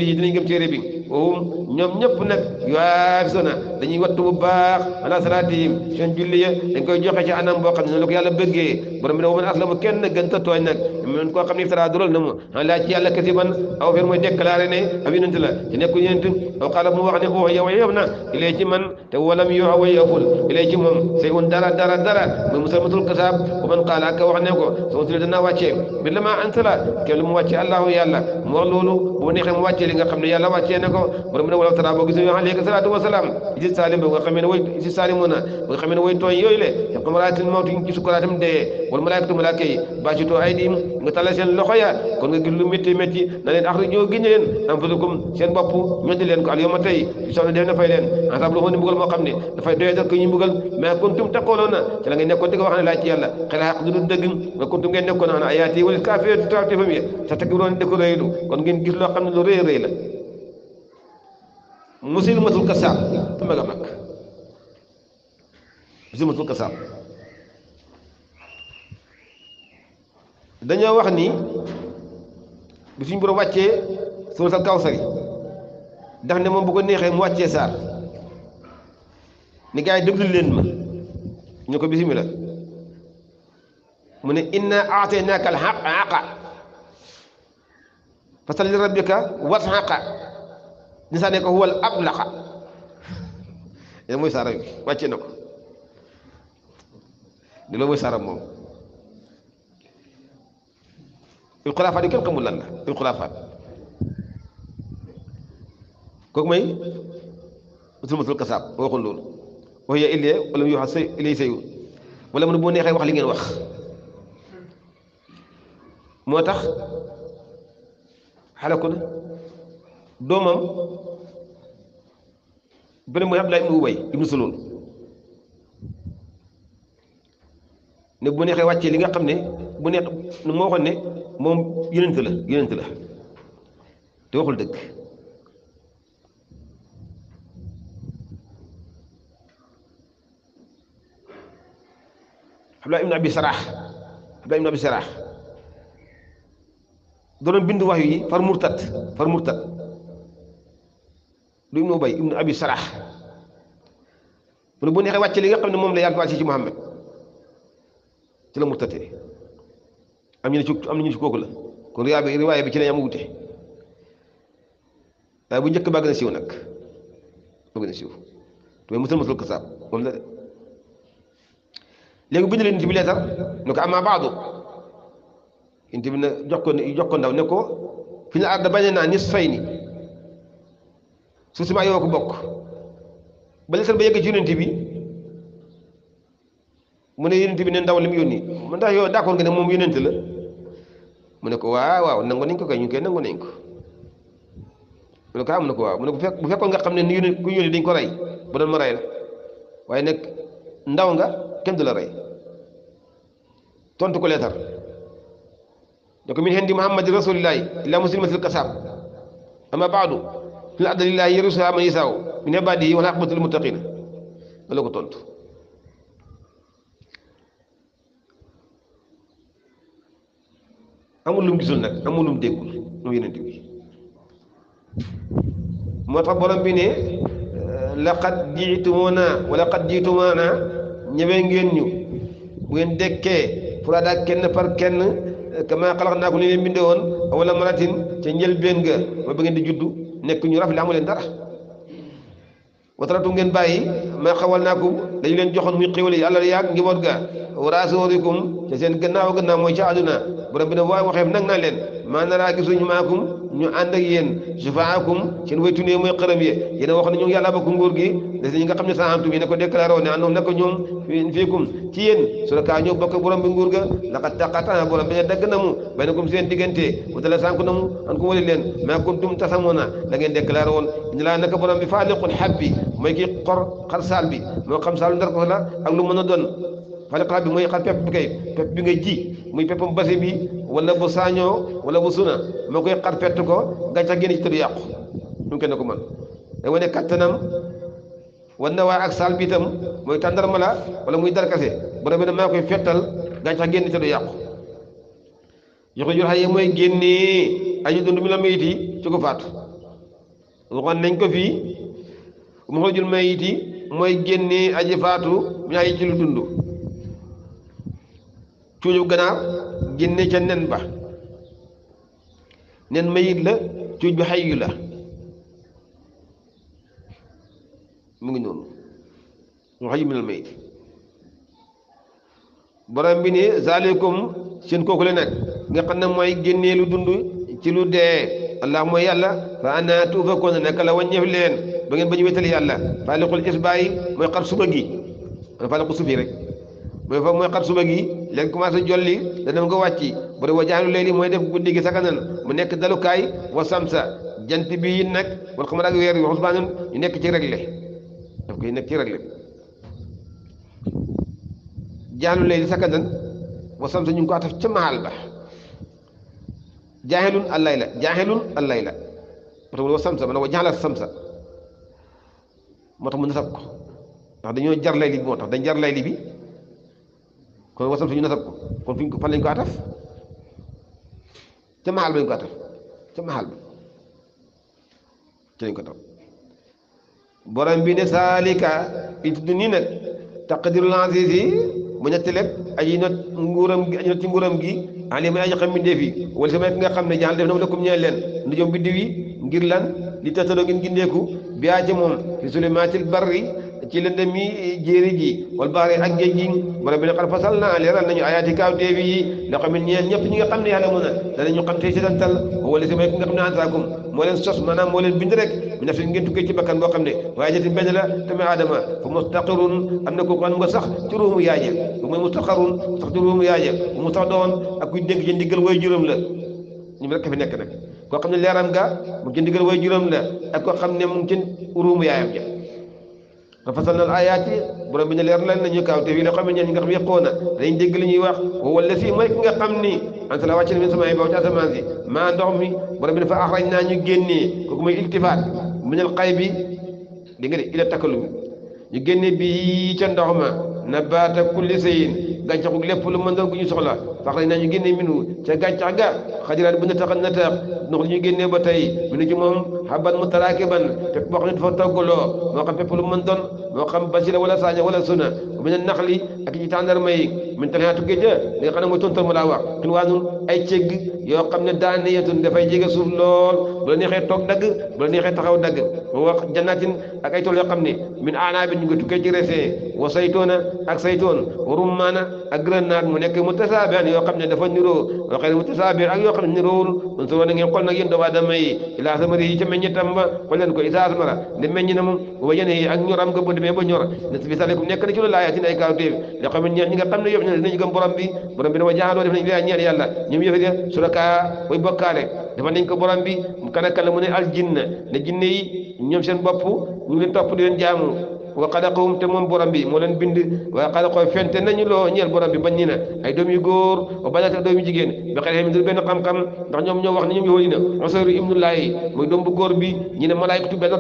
seen julli ya dañ koy joxe ci anam boo xam ne noonu ko yàlla bëggee borom bi ne ak la aslamu kenn gën ta tooñ nag mën koo xam ne iftara dural na mu laaj ci yàlla kasiban aw fer mooy déclaré ne ab yonent la ci nekku yonent aw xala mu wax ne oo yow yow na ilay ci man te walam yu awa yowful ilay ci moom say un dara dara dara muy musalmatul kasaab ko man qaala ak wax ne ko soo tulee danaa wàccee bi la maa ansala ke lu mu wàcce allahu yàlla mu wax loolu bu neexee mu wàccee li nga xam ne yàlla wàccee ne ko borom bi ne wala tara boo gis alayka salaatu wasalaam isi salim bo nga xamee ne way isi saalimuna xam ne way tooñ yooyu le yabqa malaakatul mawti ngi gisu laa tam dee wala ay diim nga tala seen loxo kon nga gis lu métti métti na leen axrijoo génne leen leen ko al yawma tey i soxna def na fay moo xam ne dafay doyee dal ko ñu mbugal mais kuntum takkooloon na ci la nga nekkoon di ko wax ne laaj ci yàlla xel xaq du dul nga kuntum ngeen nekkoon xanaa ayaati wala kaafiratu tafam yi sa takbiroon di ko réylu kon ngeen gis loo xam ne lu rëy rëy la musil masul kasaab mag a zimatul kasaab dañoo wax ni bi suñu borom wàccee suuratal kawsari daf ne moom bu ko neexee mu wàccee saar ni gars yi déglu ma ñu ko bisimila mu ne inna aataynaaka alxaqa fasalli li rabbika wasxaqa nisaane ko huwal ablaqa yooyu mooy saara bi wàccee na di la saram mom il khulafa di kenn xamul lan la il khulafa kooku may usul masul kasaab waxul lool wax ya illee wala mu yoxa say illee sayu wala mu ne boo neexee wax li ngeen wax moo tax xale ku ne doomam beneen mooy ibnu Ubay bu neexee wàccee li nga xam ne bu neex nu moo waxoon ne moom yonent la yonent la te dëgg Abdullah ibn Abi Saraax Abdullah ibn Abi Saraax doon bind wax yi far murtat far murtat lu ibnu Ubay ibnu Abi Saraax mu ne bu neexee wàccee li nga xam ne moom la yàgg wàccee ci Muhammad ci la murtatee am ñu ne ci kooku la kon riwaaya bi ci lañ am wute waaye bu njëkk baa gën a siiw nag baa gën a siiw te mooy musal musal kasaab moom la de léegi bind bi leetar ne ko amma baadu inti bi ne jox ndaw ne ko fi na arda bañ naa nis fay ni si maa yow ko ba leetar ba yegg ci yonent bi mu ne yónent bi ne ndaw la mu yónni mu ndax yow d'accord nga ne moom yónent la mu ne ko waaw waaw nangu nañ ko kay ñu koy nangu nañ ko mu ne ko ah mu ne ko waaw mu ne bu fekk bu fekkoon nga xam ne ni yónni ku yónni dañ ko rey ba doon ma rey la waaye nag ndaw nga kenn la rey tontu ko leetar ne ko min hendi muhammadin rasulillahi ila muslimatil kasab amma baadu fil adlillahi yarusuha man yasaaw min ibadihi wala aqbatul muttaqina la ko tontu amul lu mu gisul nag amul mu déggul moom yonent bi moo tax borom bi ne euh, laqad jiitumuna wa laqad jiitumuna ñëwee ngeen ñu bu ngeen dekkee furaada kenn par kenn kama xalaqnaakum ni leen bindee woon awwala maratin ca njëlbeen nga ba ba ngeen di juddu nekk ñu raf la amu leen dara وتراتو نين باي ما خولناكم دا نين جوخون مي خيول يالا ياك نيبوت غا وراسوريكم تي سين غناو غنا موي تي ادنا بروم بينا واي وخيم نك نالين ما نراكي سوني ماكم ñu ànd ak yéen jufaakum seen way tunee mooy xërëm ye yéen wax ne ñu ngi yàlla bokk nguur gi des ñi nga xam ne saahamtum yi ne ko déclaré woon ne andoom ne ko ñoom fiikum ci yéen su raka ñoo bokk borom bi nguur ga laqad taqata borom bi ne dagg na mu bay na kum seen diggante bu dala sànku na mu an ko wali leen maa kuntum tasamoona da ngeen déclaré woon ñu laa naka borom bi faaliqul habbi mooy kii xor xar saal bi moo xam saalu ndar ko la ak lu mën a doon faaliqul habbi mooy xar pepp bi kay pepp bi nga ji muy peppam basi bi wala bu saañoo wala bu suna moo koy xar fett ko gàncax génn ci tëdu yàqu ñu kenn ko mën day wane kattanam wan na waaye ak saal bi itam mooy tàndarma la wala muy darkase bu rëbbi na maa koy fettal gàncax génn ci tëdu yàqu yoxu jur xaye mooy génnee añu dund mi la mayit yi ci ko faatu nañ ko fii mu xool jur mayit yi mooy génnee aji faatu mi naa yi ci lu dund cuuju ganaar génne ca nen ba nen mayit la cuuj bi xayyu la mu ngi noonu mu xayyu minal mayit borom bi ne zaalikum seen kooku la nag nga xam ne mooy génnee lu dund ci lu dee allah mooy yàlla fa ana tuufakoon naka la wàññeef leen ba ngeen ba ñu wétal yàlla faaliqul isbaayi mooy xar suba gi an faaliqu subi rek bu dee foofu mooy xar suba gi leen commencé jolli dana nga wàcci bu dee wajaanu layli mooy def guddi gi sakanal mu nekk dalukaay wa samsa jant bi nag wal xamar ak weer yi waxu ñu nekk ci regle daf koy nekk ci regle jaanu layli sakanal wa samsa ñu ngi ko ataf maal ba jaaxelun allay la jaaxelun allay la moo tax mu ne wa samsa ma tax mu nasab ko ndax dañoo jar layli bi moo dañ jar layli bi kon wasam suñu nasab ko kon fi ñu ko fan lañ ko ataf ca maxal ba ko ataf ca maxal ba ci lañ ko ataf borom bi ne saalika i tudd nii nag taqdirul aziz yi mu ñetti lekk aji not nguuram gi aji ci nguuram gi ali may aji xam mbindeef yi wala sama ki nga xam ne jaxal def na mu lekkum ñeel leen ndajom biddiw ngir lan li tax taloo ngeen gindeeku biyaa ci moom fi zulumaatil barri ci lëndëm yi jéeri ji wal baari ak géej gi mu ne bi ne xar fasal naa leeral nañu ayaati kaaw teebi yi la xamit ñeen ñëpp ñi nga xam ne yàlla mën a danañu xam tey setantal wala si may ki nga ne ansaakum moo leen sos ma moo leen bind rek mi na fi ngeen tukkee ci bakkan boo xam ne waaye jëti benn la tamit aadama fa mustaqarun am na kooku xam nga sax ci ruumu yaaje bu mooy mustaqarun sax ci ruumu yaaje bu mu sax ak kuy dénk ci ndiggal way juróom la ñu rek fi nekk nag koo xam ne leeram ga mu ci ndiggal way juróom la ak koo xam ne mu ngi ci ruumu te fasal nal ayaati borom bi ne leer lan la kaaw te wii la xam nga xam yëqoona dañ dégg li ñuy wax wala si mooy ki nga xam ni an sala wàcc na min samaay boobu ci asamaan ndox mi borom bi dafa axrañ naa ñu génnee kooku mooy iltifaat mu nel xay bi di nga de ila takkalum ñu génne bi ca ndox ma na nabaata kulli sayin gàncax gu lépp lu mën doon gu ñu soxla faxrañ naa ñu génnee minu ca gàncax ga xajiraat bu na tax na tax ndox li ñu génnee حبا متراكبا تكبر نيت فتوكلو وقم بيبل منتون وقم بجيل ولا ساجا ولا سنة ومن النخل اكي تاندر ماي من تنها توكيجا لي خنا مو تونتو ملا واخ كن وانون اي تيغ يو خامني دانيتون دافاي جيغا سوف لول بلا نيخي توك دغ بلا نيخي تخاو دغ هو جناتين اك اي تول يو خامني من اناب نيغا توكيجا ريفي وسيتونا اك سيتون ورمانا اك غرنات مو نيك متسابين يو خامني دافا نيرو وخير متسابين اك يو خامني من سو نغي خول نغي دو ادمي الى سمري meññitam ba xoleen ko isaas mara nde meññi na moom wajane ak ñoram nga bu demee ba ñor bi salikum nekk na ci lu laayatin ay kawtéef li xam ñi nga xam ne yëpp ñoom dinañu gëm borom bi borom bi na wa jaxaloo def nañ lia ñeel yàlla ñoom yëfe de suraka way mu kan ak kan la mu jinna yi ñoom seen bopp ñu ngi di leen jaamu wa xalaqahum te moom borom loo ñeel borom bi bañ ay doom yu góor ba xel na Usayru doom bu góor bi ñi ne malaayikatu doom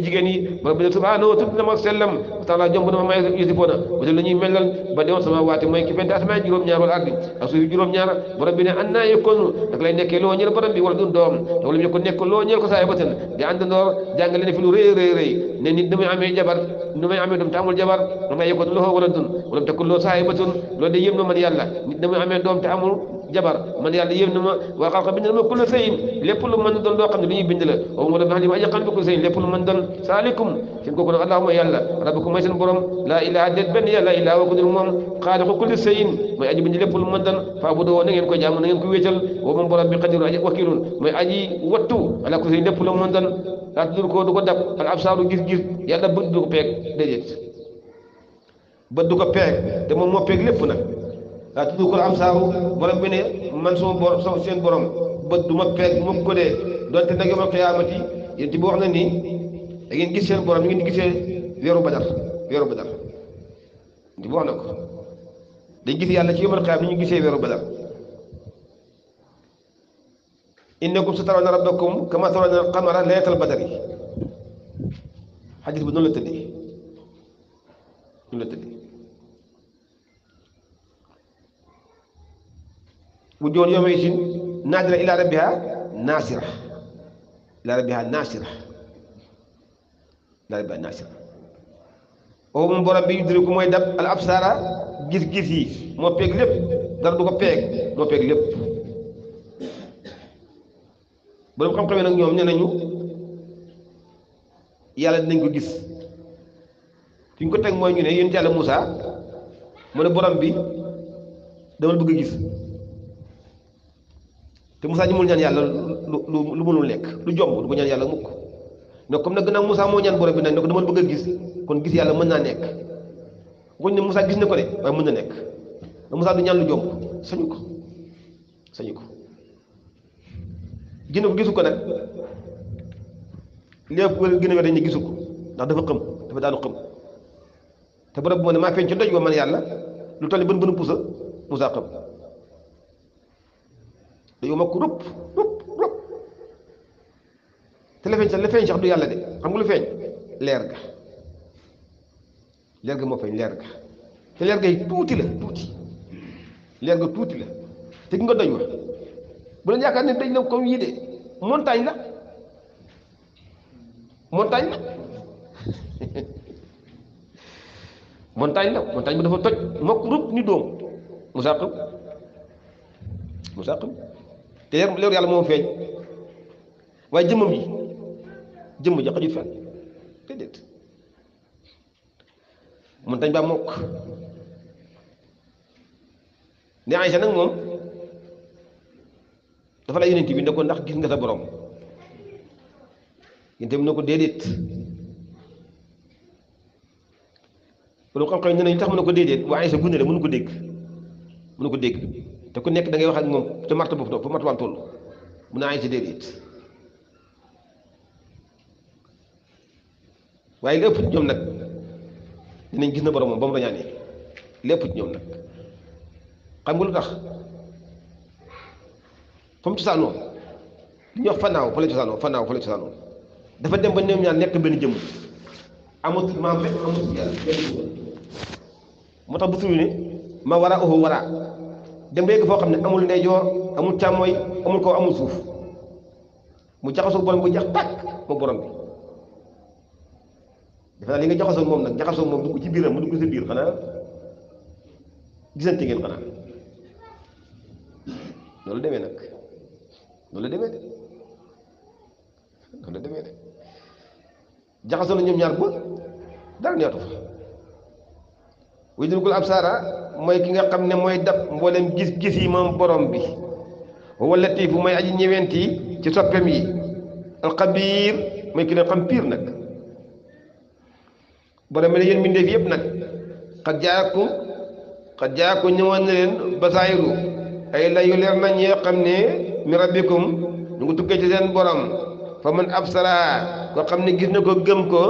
yi borom bi ne na ma sellam taala jomb na ma may yusifoona wata la ñuy melal sama waate mooy ki fente asamaan juróom-ñaar wala ardi ak suuf juróom-ñaar borom bi nekkee loo ñeel borom bi wala dun doom wala mu ko nekk loo ñeel ko saa yabatan di àndandoor jàngale ne fi lu rëy rëy rëy ne nit damay amee jabar nu may amee doom te amul jabar wa maa yakun lahu waladun wa lam takun lahu saahibatun loolu de yëm na man yàlla nit damay amee doom te amul jabar man yàlla yéem na ma wa xalqa bind na ma kullu sayyin lépp lu man don loo xamni ne lu ñuy bind la wa huwa la ma yaqan bi kullu shay'in lépp lu mën doon saalikum seen ko nag allahuma yàlla rabbukum mooy sen borom la ilaha illa ben yàlla ilaha wa kullu moom xaaliqu kulli sayyin mooy aji bind lépp lu man don fa bu do ngeen ko jam ngeen ko wetal wa moom borom bi qadir aji wakilun mooy aji wattu ala kulli sayyin lépp lu man don laa dur ko du ko dab al absaaru gis-gis yàlla bët du ko pek dedet bët du ko pek te mom mo pek lépp nak waaw tudd ko am borom bi man sama borom sama seen borom bët du ma peeg du ma godee donte nag yomal xiyaamati yéen bi wax na ni da ngeen gis seen borom ñu ngeen gisee weeru badar weeru badar di wax na ko dañ gis yàlla ci yomal xiyaam ni ñu gisee weeru badar innakum satarawna rabbakum kama tarawna al-qamara laylatal badri xadis bi noonu la tëddee noonu la tëddee bu joon yomay nasirah, nadira nasirah, rabbiha nasirah. ila rabbiha nasira ila rabbiha nasira o mo borom bi yidri ko moy dab al absara gis gis yi mo peg lepp dar du ko peg do peg lepp bu xam xam nak ñom ñeneñu yalla dinañ ko gis fiñ ko tek moy ñu ne yeen yalla musa mo borom bi dama bëgg gis te Moussa ñu mul ñaan yàlla lu lu lu mënul lekk lu jomb du ko ñaan yàlla mukk ne comme nag gannaaw Moussa moo ñaan borom bi nag ne ko dama bëgg a gis kon gis yàlla mën naa nekk buñ ne Moussa gis na ko de waaye mën na nekk Moussa du ñaan lu jomb sañu ko sañu ko gën ko gisu ko nag lépp gën a wér dañu gisu ko ndax dafa xëm dafa daanu xëm te borom bi moo ne maa feeñ ca doj wa man yàlla lu toll bën bën pusa Moussa xëm dañoo mokk rupp rupp rupp te la sax la feeñ sax du yàlla de xam nga lu feeñ leer ga leer ga moo feeñ leer te leer yi tuuti la tuuti leer ga tuuti la te gi nga doj wa bu leen yaakaar ne daj na comme yii de montagne la montagne la montagne la montagne bi dafa toj mokk rupp ni doom mu sàqum te leer leeru yàlla moom feeñ waaye jëmmam yi jëmm ja xajul fenn déedéet mun tañ baa mokk ne Aysa nag moom dafa la yonent bi ne ko ndax gis nga sa boroom yonent bi ne ko déedéet borom xam-xam ne nañu tax mu na ko déedéet waa Aysa gunne la mënu ko dégg mënu ko dégg te ku nekk da ngay wax moom te marta boobu noonu fa marta waan toll mun naa si déedéet waaye lépp ñoom nag dinañ gis na borom moom ba mu rañaanee lépp ci ñoom nag xam nga lu tax fa mu cosaanoo li ñuy fanaaw fa la cosaanoo fanaaw fa la cosaanoo dafa dem ba ñoom ñaar nekk benn jëmm amut maam rek amut yàlla tax bu suñu ma wara oho wara dem ba yegg foo xam ne amul ndeyjoor amul càmmooy amul kaw amul suuf mu jaxasoo borom bu jax tàkk li nga jaxasoo moom nag jaxasoo moom dugg ci biiram mu dugg sa biir xanaa gisante ngeen xanaa loolu demee nag loolu demee de loolu demee de jaxasoo na ñoom ñaar ba dara neetu fa wuy dirgul absaara mooy ki nga xam ne mooy dab mboolem gis-gis yi moom borom bi wa latiifu mooy aji ñëwent yi ci soppem yi alxabiir mooy ki ne xam piir nag borom bi ne yéen mbindeef yëpp nag xat jaakum xat jaakum na leen basaayiru ay lay leer nañ yoo xam ne mi rabbikum ñu ngi tukkee ci seen borom fa man absara koo xam ne gis na ko gëm ko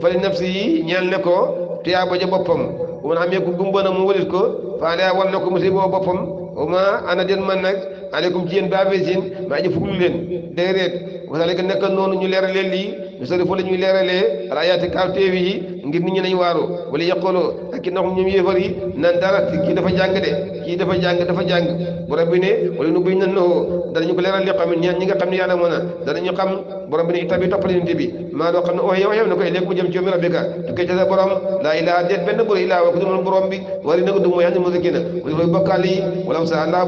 fa li nafsi yi ñeel ne ko tuyaa ba boppam wa man xam yeeku gumboona mu walit ko fa alaa war na ko musiba boppam wa ma ana den man nag aleykum ci yéen baafe sin maa ji fuglu leen déeréet wasaalika nekk noonu ñu leeral leen lii nusarrifu la ñuy leeralee al ayaati kaawteef yi ngir nit ñi nañ waaru wala yaquloo ak ki ndax ñoom yéefar yi naan dara kii dafa jàng de kii dafa jàng dafa jàng borom bi ne wala nu buñ nan nowoo danañu ko leeral ñi nga xam ne yàlla mën a danañu xam borom bi ne itam bi loo xam ne wax yow yow na ko léegi mu jëm ci yomi rabbika tukkee ca sa borom laa ilaha déet benn bor ilaa wa ku dul borom bi wari na ko du mooy xam ne musique na mu def bokkaale yi wala sa allah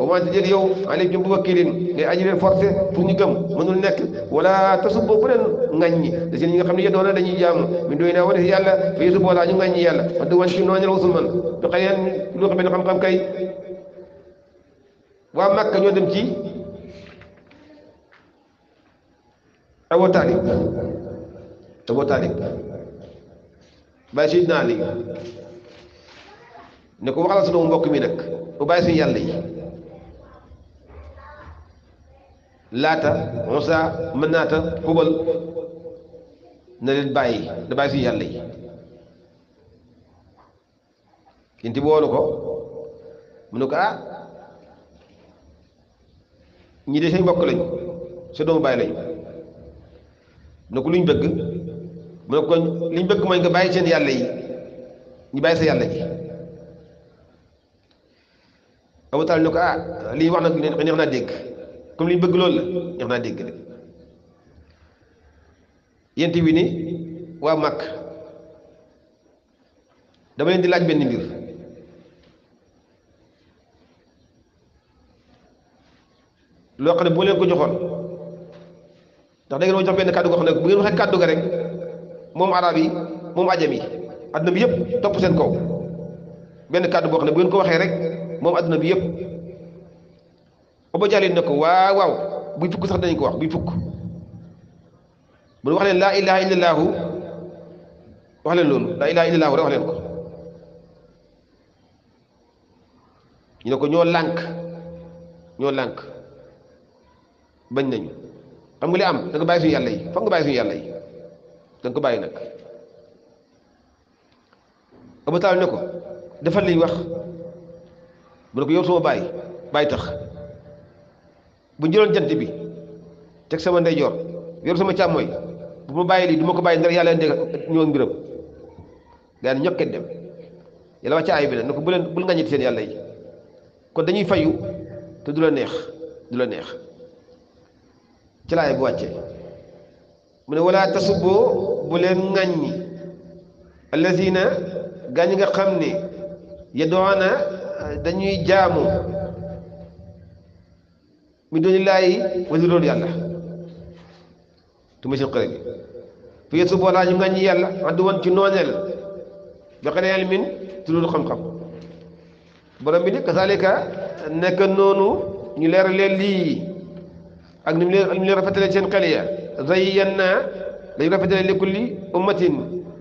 wa maa tajidu alayhim bi wakiilin ngay aji leen forcé pour ñu gëm mënul nekk wala tasubbu bu leen ŋaññi da si ñi nga xam ne yeddoona dañuy jaamu min doy naa wa def yàlla fa yusubbu wala ñu ŋaññi yàlla wax dëgg wan ci nooñal wasul man bi xëy yeen lu xam ne xam-xam kay waa Makka ñoo dem ci Abu Taalib Abu Taalib bàyyi si naa li ne ko waxal sunu mbokk mi nag bu bàyyi laata Musaa Manaata Xubal na leen bàyyi da bàyyi suñu yàlla yi kinti boolu ko mu ne ah ñi de say bokk lañ sa doomu bàyyi lañ mu luñ bëgg mu ne ko liñ bëgg mooy nga bàyyi seen yàlla yi ñu bàyyi sa yàlla ji Abu Taalib ne ko ah lii wax nag neex naa dégg comme li ñu bëgg loolu la ñox naa dégg nag yent bi ni waa màkk dama leen di laaj benn mbir loo xam ne boo leen ko joxoon ndax da ngeen ma jox benn kàddu goo xam ne bu ngeen waxee kàddu ga rek moom arab yi moom ajam yi adduna bi yëpp topp seen kaw benn kàddu boo xam ne bu ngeen ko waxee rek moom adduna bi yëpp Abu Jahlin ne ko waaw waaw buy fukk sax dañu ko wax buy fukk mu ne wax leen laa ilaha illallaahu wax leen loolu laa ilaha illallaahu rek wax leen ko ñu ne ko ñoo lànk ñoo lànk bañ nañu xam nga li am da nga bàyyi suñu yàlla yi foog nga bàyyi suñu yàlla yi da ko bàyyi nag Abu Taalib ne ko defal liñ wax mu ne ko yow suma bàyyi bàyyi tax bu jëloon jant bi teg sama ndejoor yor sama càmmooy bu mu bàyyi lii du ma ko bàyyi ndar yàlla ndeg ñëw ak mbiram gaa ni ñokket dem yàlla wàcca aay bi nag ne ko bu leen bul ngañeti seen yàlla yi kon dañuy fayu te du la neex du la neex ci bu wàccee mu ne wala tasuboo bu leen ŋàññi allazina gaañ nga xam ne yedoona dañuy jaamu من دون الله وزير الله تمشي القرية في يسوع الله جمع جيال عدوان تنوزل لقد يعلم من تلو خم خم برام بني كذلك نكنونو نلير للي أجن ملير ملير رفعت لجن قليا زيننا لي رفعت لكل أمة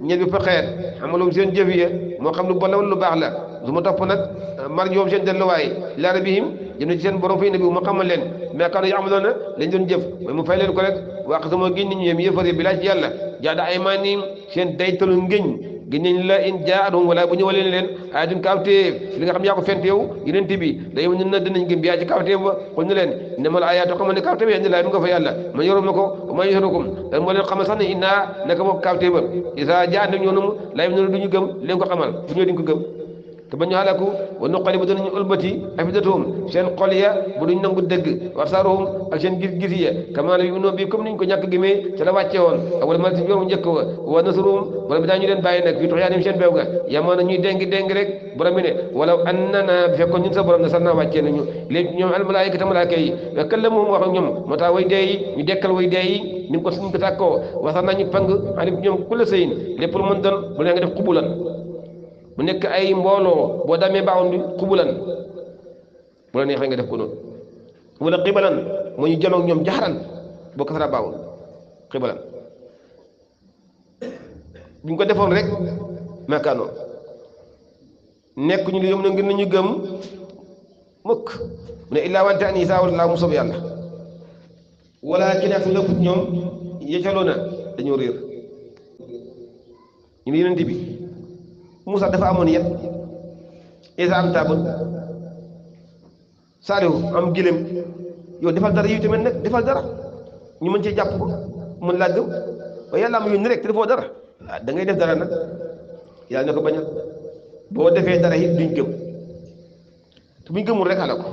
ñeñ bi faxeer amalum seen jëf ya mo xam lu bon lu baax la du ma topp nag mar joom seen delluwaay laara bihim jëm na ci seen borom fi ne bi ma xamal leen mais kanu ya'maluna lañ doon jëf mooy mu fay leen ko rek wax sama giñ ni ñu yem yëfar yi bilaaj yàlla jaada ay maaniim seen daytalu ngëñ gi nañ la in jaadu wala bu ñu ñëwalee leen ay duñ kawte li nga xam ya ko fenté yow yeneen bi day ñu na dinañ gëm yaa ci kawte ba ko ñu leen innamal ayaatu xam ne kaawteef yaa laa nga fa yàlla ma yoroon na ma yoroon ko dan mo leen xamal sax inna naka moom kaawteef ba isa jaa ñu ñu ñoom lay ñu duñu gëm leen ko xamal bu ñëwee duñ ko gëm te ba ñu xalaku wa nuqallibu danañu a afidatuhum seen xol ya bu duñ nangu dëgg warsaruhum ak sa borom ne sax naa wàccee nañu léegi ñoom al malaayika ta ñu dekkal way dee ñoom ku sëyin lépp lu mën doon bu leen nga def xubulan bu nekk ay mbooloo boo damee baaxoon bi xubulan bu la neexee nga def ko noonu wala xibalan moo ñu jëm ak ñoom jaxaran boo kasara baaxoon xibalan bu ñu ko defoon rek makaanoo nekk ñu li yom na ngir gëm mukk mu ne illaa wante an isaa wala laa yàlla wala ki nekk lëpp ñoom yecaloo na dañoo réer ñu ne yonent bi Moussa dafa amoon yet Isa am taabul Saalihu am gileem yow defal dara yow tamit nag defal dara ñu mën cee jàpp ko mën laa gëm waaye yàlla am yónni rek te defoo dara ah da def dara nag yàlla ne ko bañal boo defee dara it duñ gëm te buñ gëmul rek ala ko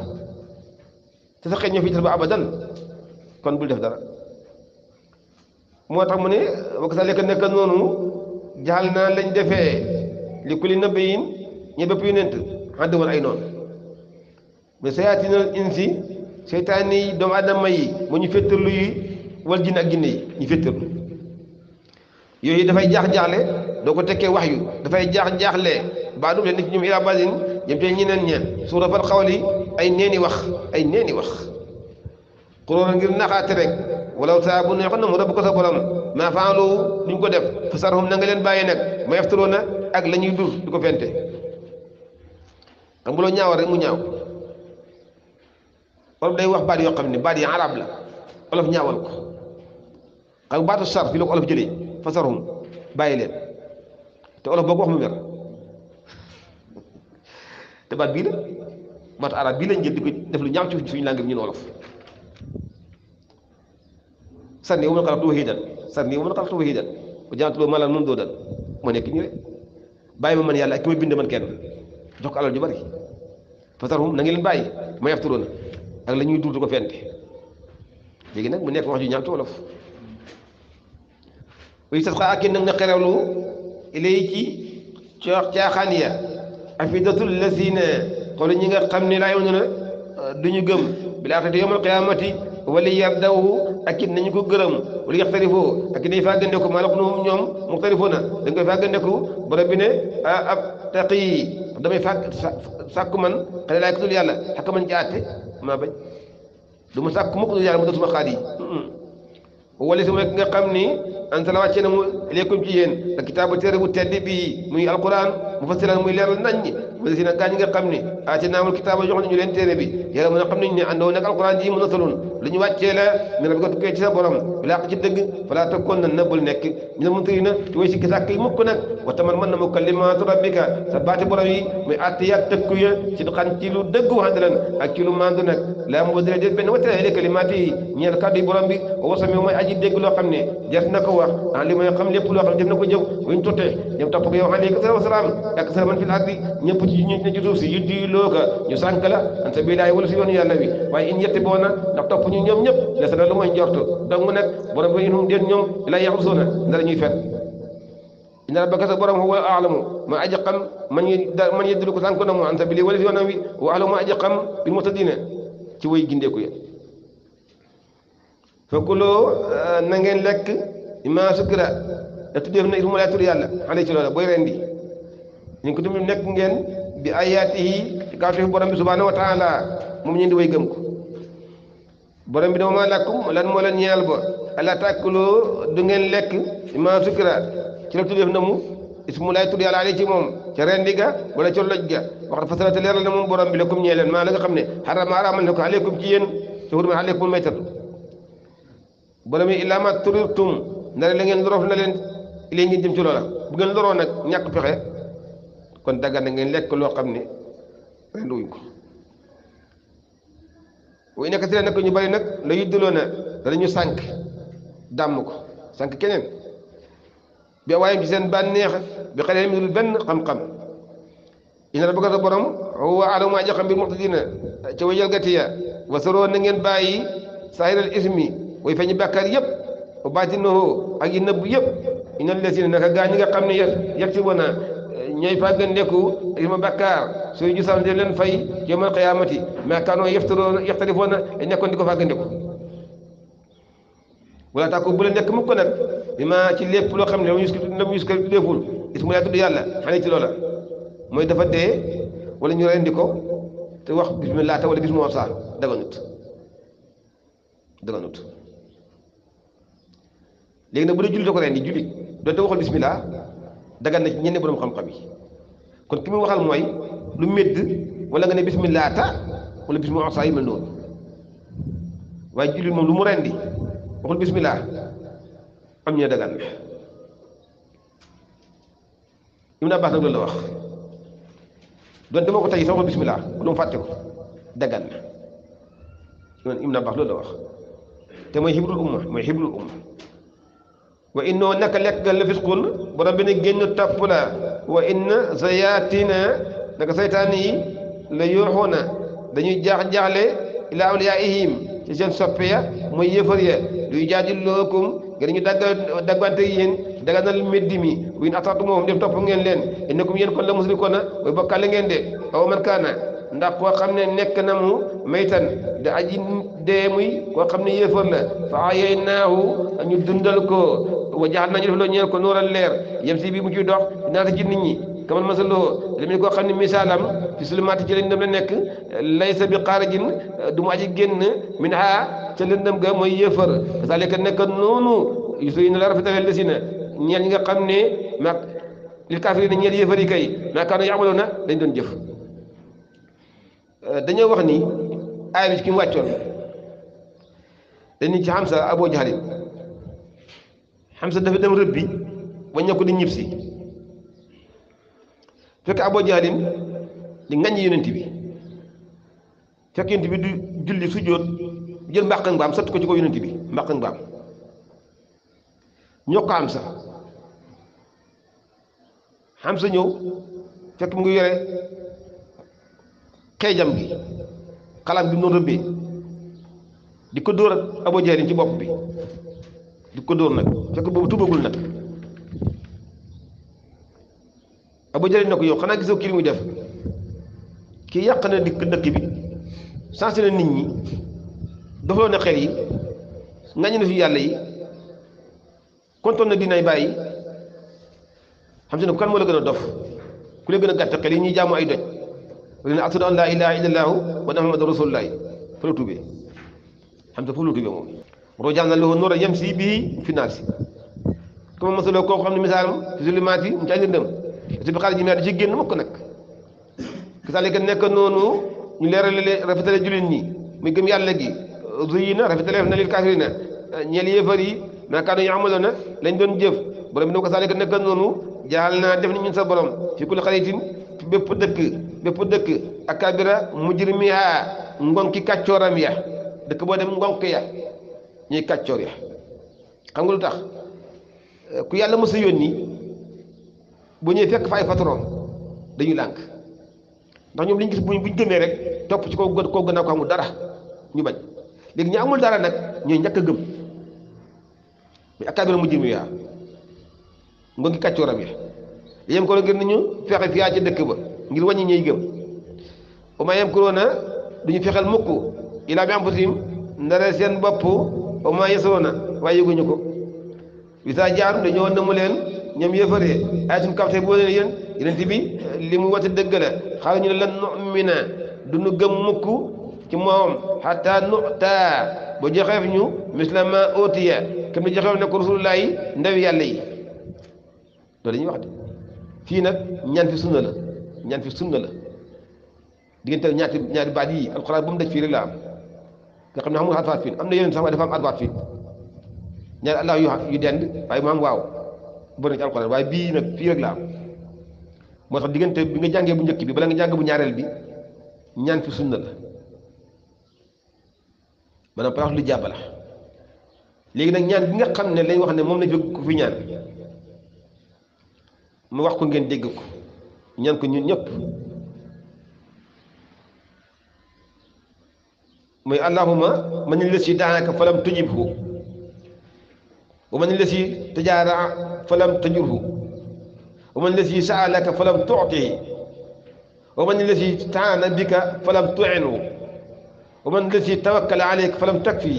te sa xëy ñoo fi ba abadan kon bul def dara moo tax mu ne wa kazaalika nekk noonu jaxal naa lañ defee. li kulli nabiyyin ñe bépp yonent xadd woon ay noonu mais sayaatinal insi seytaane yi doomu aadama yi mu ñu féttarlu yi wal jinn ak ginne yi ñu féttarlu yooyu dafay jaax-jaaxle doo ko tekkee wax yu dafay jaax-jaaxle baa dum leen ni ci ñoom ilaa basin jëm te ñeneen ña su rafal xawli ay neeni wax ay neeni wax xuróora ngir naxaate rek walaw saa bu neexoon na mu rabb ko sa borom maa faalu duñ ko def fasarhum na nga leen bàyyi nekk ma yaftaroona ak la ñuy duur di ko fente xam nga loo ñaaw rek mu ñaaw wala day wax baat yoo xam ne baat yi arab la olof ñaawal ko xam baatu sar fi la ko olof jëlee fa sarhum bàyyi te olof boo wax mu mer te baat la arab bii lañ jël di ko def lu ñaaw ci suñu làngam ñun olof sarni wa man xalaqtu wahidan sarni wa man xalaqtu wahidan wa ja'altu bàyyi ma man yàlla ak ki may bind man kenn jox ko alal ju bari fatarhum na ngi leen bàyyi ma yafturoona ak la ñuy duutu ko fente léegi nag mu nekk wax ju ñaaw ci wolof uy sat xaa ak nag na xerewlu ilay ci coox caaxaan ya afidatul lazina xool ñi nga xam ne laa yow na duñu gëm bilaa te yomal qiyaamati wala yardawu ak nañu ko gërëm wala yaxtarifu ak it nañu faa gëndeku maa lax nuhum ñoom muxtarifuna dañ koy faa gëndeku borom bi ne ab taqi damay faa sàkku man xale laay ko dul yàlla xakka man ci àtte maa bañ du ma sàkku mu doon suma xaat yi wala sama ki nga xam ni an sala wàccee na mu ilaykum ci yéen ak kitaabu téere bu tedd bii muy alquran mu fasilan muy leeru nañ والذين كان يغا أتينا اتيناهم الكتاب يخون ني لين تيري بي يلا من خامني ني اندو نك القران جي منزلون لي ني واتي لا من ربك تكاي تي بروم بلا خ جي دغ فلا تكون نبل نك ني مونتي نا توي سي كسا وتمر من مكلمات ربك سبات بروي مي اتي يا تكويا سي خان تي لو دغ وحدلن لا مودري ديت بن وتر هلك كلماتي ني الكادي بروم بي وسمي مي اجي دغ لو خامني جات نكو واخ ان لي مي خام ليپ وين في الارض ci ñu ne ci suuf si yu di looka ñu sànk la an sabilillahi wala si yoonu yàlla wi waaye in yetti boona ndax topp ñu ñoom ñëpp lesa na lu mooy njortu donc nag borom bi inhum déen ñoom ilaa yaxrusuuna ndara ñuy fen inna rabbaka sa borom huwa aalamu ma aji xam man man yeddilu ko sànk na mu an sabili wala si yoonam wi wa aalamu ma aji xam bil muhtadiina ci way gindeeku ya fakkuloo euh, na ngeen lekk ma sukira da tuddeef na it mu lay tur yàlla xale ci loola booy rendi ñu ko dum nekk ngeen bi ayaatihi ci kaw teefu borom bi subhaanahu wa taala moom ñu di way gëm ko borom bi dama maa làkkum lan moo leen ñeel ba ala tàkkuloo du ngeen lekk ma sukira ci la tuddeef na mu ismu laay tudd yàlla ale ci moom ca rendi ga wala ca ga wax a leeral na moom borom bi lakum ñeel leen maa la nga xam ne xarama araamal na ko aleykum ci yéen ci hurma aleykum maytatu borom yi ma turirtum na la ngeen lorof na leen ilay ngeen jëm ci loola bu ngeen loroo nag ñàkk kon dagan na ngeen lekk loo xam ne rendi wuñ ko wuy nekk si la nag ñu bari nag la yuddaloo na danañu sànq dàmm ko keneen bi waaye bi seen bànneex bi xale mi dul benn xam-xam ina rabbaka sa borom huwa a'lamu maa xam bi muhtadiina ca way jalgati ya wasaroo na ngeen bàyyi saahiral ismi way feeñi bàkkaar yëpp wa baatinahu ak nëbb yëpp inna llazina naka gaa ñi xam ne yegg si woon ñooy fàggandeku yima bakkar suñu gisaan de len fay yawmal qiyaamati maa kaanoo yaftaroon yaxtalifoon na nekkoon di ko fàggandeku wala ta ko bu leen nek mukk nak ima ci lépp lo xamne ne ñu nam us ko deful ismu ya tuddu yàlla xanaa ci lola moy dafa de wala ñu rendi ko te wax bismillah ta wala bismu mu daga nut daga nut léegi nag bu la jullu ko rendi julli do te waxul bismillah dagan na ci ñenn borom xam-xam kon ki muy waxal mooy lu médd wala nga ne bismillah ta wala bismillah osa yi mel noonu waaye jullit moom lu mu rendi waxul bismillah am ñu ne dagan na Ibn Abbas nag loolu la wax doon dama ko tey sax waxul bismillah wala mu fàtte ko dagan na Ibn Abbas loolu la wax te mooy xibrul umma mooy xibrul umma wa innoo naka lekk ga la fisqun borom bi ne génn topp la wa inna sayaatina naka saytaan yi la yuuxuna dañuy jaax jaaxle ilaa awliyaa'ihim ci seen soppe ya mooy yëfër ya luy jaadilookum ngir ñu dagg daggante yéen daganal meddi mi win ataatumoohum def topp ngeen leen innakum yéen kon la a way bokkaale ngeen de aw man kaana ndax koo xam ne nekk na mu maytan da aji dee muy koo xam ne yëfër la fa ayeynaahu ñu dundal ko وجعلنا جل هلو نيال كنور الليل يمسي بي مجي دوخ نات جي نيت كما مسلو لمي كو خاني مثالم في سلمات جي ندم نيك ليس بقارج دوم اجي ген منها تا لندم غا موي يفر ذلك نك نونو يسوين لرف تفل سينا نيال نيغا خامني ما للكافرين نيال يفر كاي ما كانوا يعملون دنج دون جيف أه، دانيو وخني ايبي كيم واتيون دني ابو جهل Hamza dafa dem rëbbi wàññeeku di ñibbisi fekk Abu Jaalin di ngaññi yonent bi fekk yonent bi du julli sujjóot jël mbàq ak mbaam satt ko ci ko yonent bi mbàq ak mbaam ñoo ko Hamza Hamza ñëw fekk mu ngi yore gi xalaat bi mu rëbbee di ko dóor ak Abu Jaalin ci bopp bi di ko dóor nag fekk boobu tuubagul nag Abu Jahl ko yow xanaa gisoo kii li muy def kii yàq na dikk dëkk bi sensé na nit ñi dofaloo na xel yi ngañu na fi yàlla yi kontoon na dinay bàyyi xam si ne kan moo la gën a dof ku la gën a gàtt xel yi ñuy jaamu ay doj wala ne ashadu an laa ilaaha illallaahu wa anna muhammadan rasulullaah fa la tuubee xam sa foofu la tuubee moom رجعنا له النور يمشي به في الناس كما مثلا كو خامني مثالم في ظلمات نتا لندم ci xal ji mer ci genn mako nak كذلك nek nonu ñu leral rafetal julit ñi muy gëm yalla gi zuyina rafetal na lil kafirina ñel yefari ma kanu ya'maluna lañ doon jëf borom ne ko salika nek nonu jaal def ni ñun sa borom fi kul khaytin bépp dëkk bépp dëkk akabira mujrimiha ngonki kaccoram ya dëkk bo dem ngonk ya ñuy kàccoor ya xam nga lu tax ku yàlla mos a yónni bu ñuy fekk fa ay patron dañuy lànk ndax ñoom li ñu gis buñ buñ gëmee rek topp ci koo gën koo gën a ko amul dara ñu bañ léegi ñu amul dara nag ñooy njëkk a gëm mais akabira mu jëm yaa nga ngi kàccooram ya yem ko ngir nañu fexe fiyaa ci dëkk ba ngir wàññi ñuy gëm au moins yem ko na duñu fexeel mukk ilaa bi am posim ndare seen bopp o ma yesoona waaye yëguñu ko wisaa jaarum dañoo woon na mu leen ñoom yëfaree ayatum kapte boo leen yéen yonent bi li mu wate dëgg la xaaral ñu ne lan nu'mina du nu gëm mukk ci moom xataa nu'taa ba joxeef ñu misla ma ootiya kam ni joxeef ne ko rasulullah yi ndaw yàlla yi loolu la ñuy wax de fii nag ñaan fi sunna la ñaan fi sunna la diggante ñaati ñaati baat yi alxuraan bu mu daj fii rek la am nga xam ne amul arfaat fiin am na yeneen sax dafa am arfaat fiin ñaari allah yu dend waaye mu am waaw bëri na ci alxuraan waaye bii nag fii rek la am moo tax diggante bi nga jàngee bu njëkk bi bala nga jàng bu ñaareel bi ñaan fi sunna la maanaam par exemple lu jàpp la léegi nag ñaan bi nga xam ne lay wax ne moom la jóg ku fi ñaan mu wax ko ngeen dégg ko ñaan ko ñun ñëpp. مي اللهم من الذي دعاك فلم تجبه ومن الذي تجارع فلم تجره ومن الذي سألك فلم تعطه ومن الذي تعان بك فلم تعنه ومن الذي توكل عليك فلم تكفي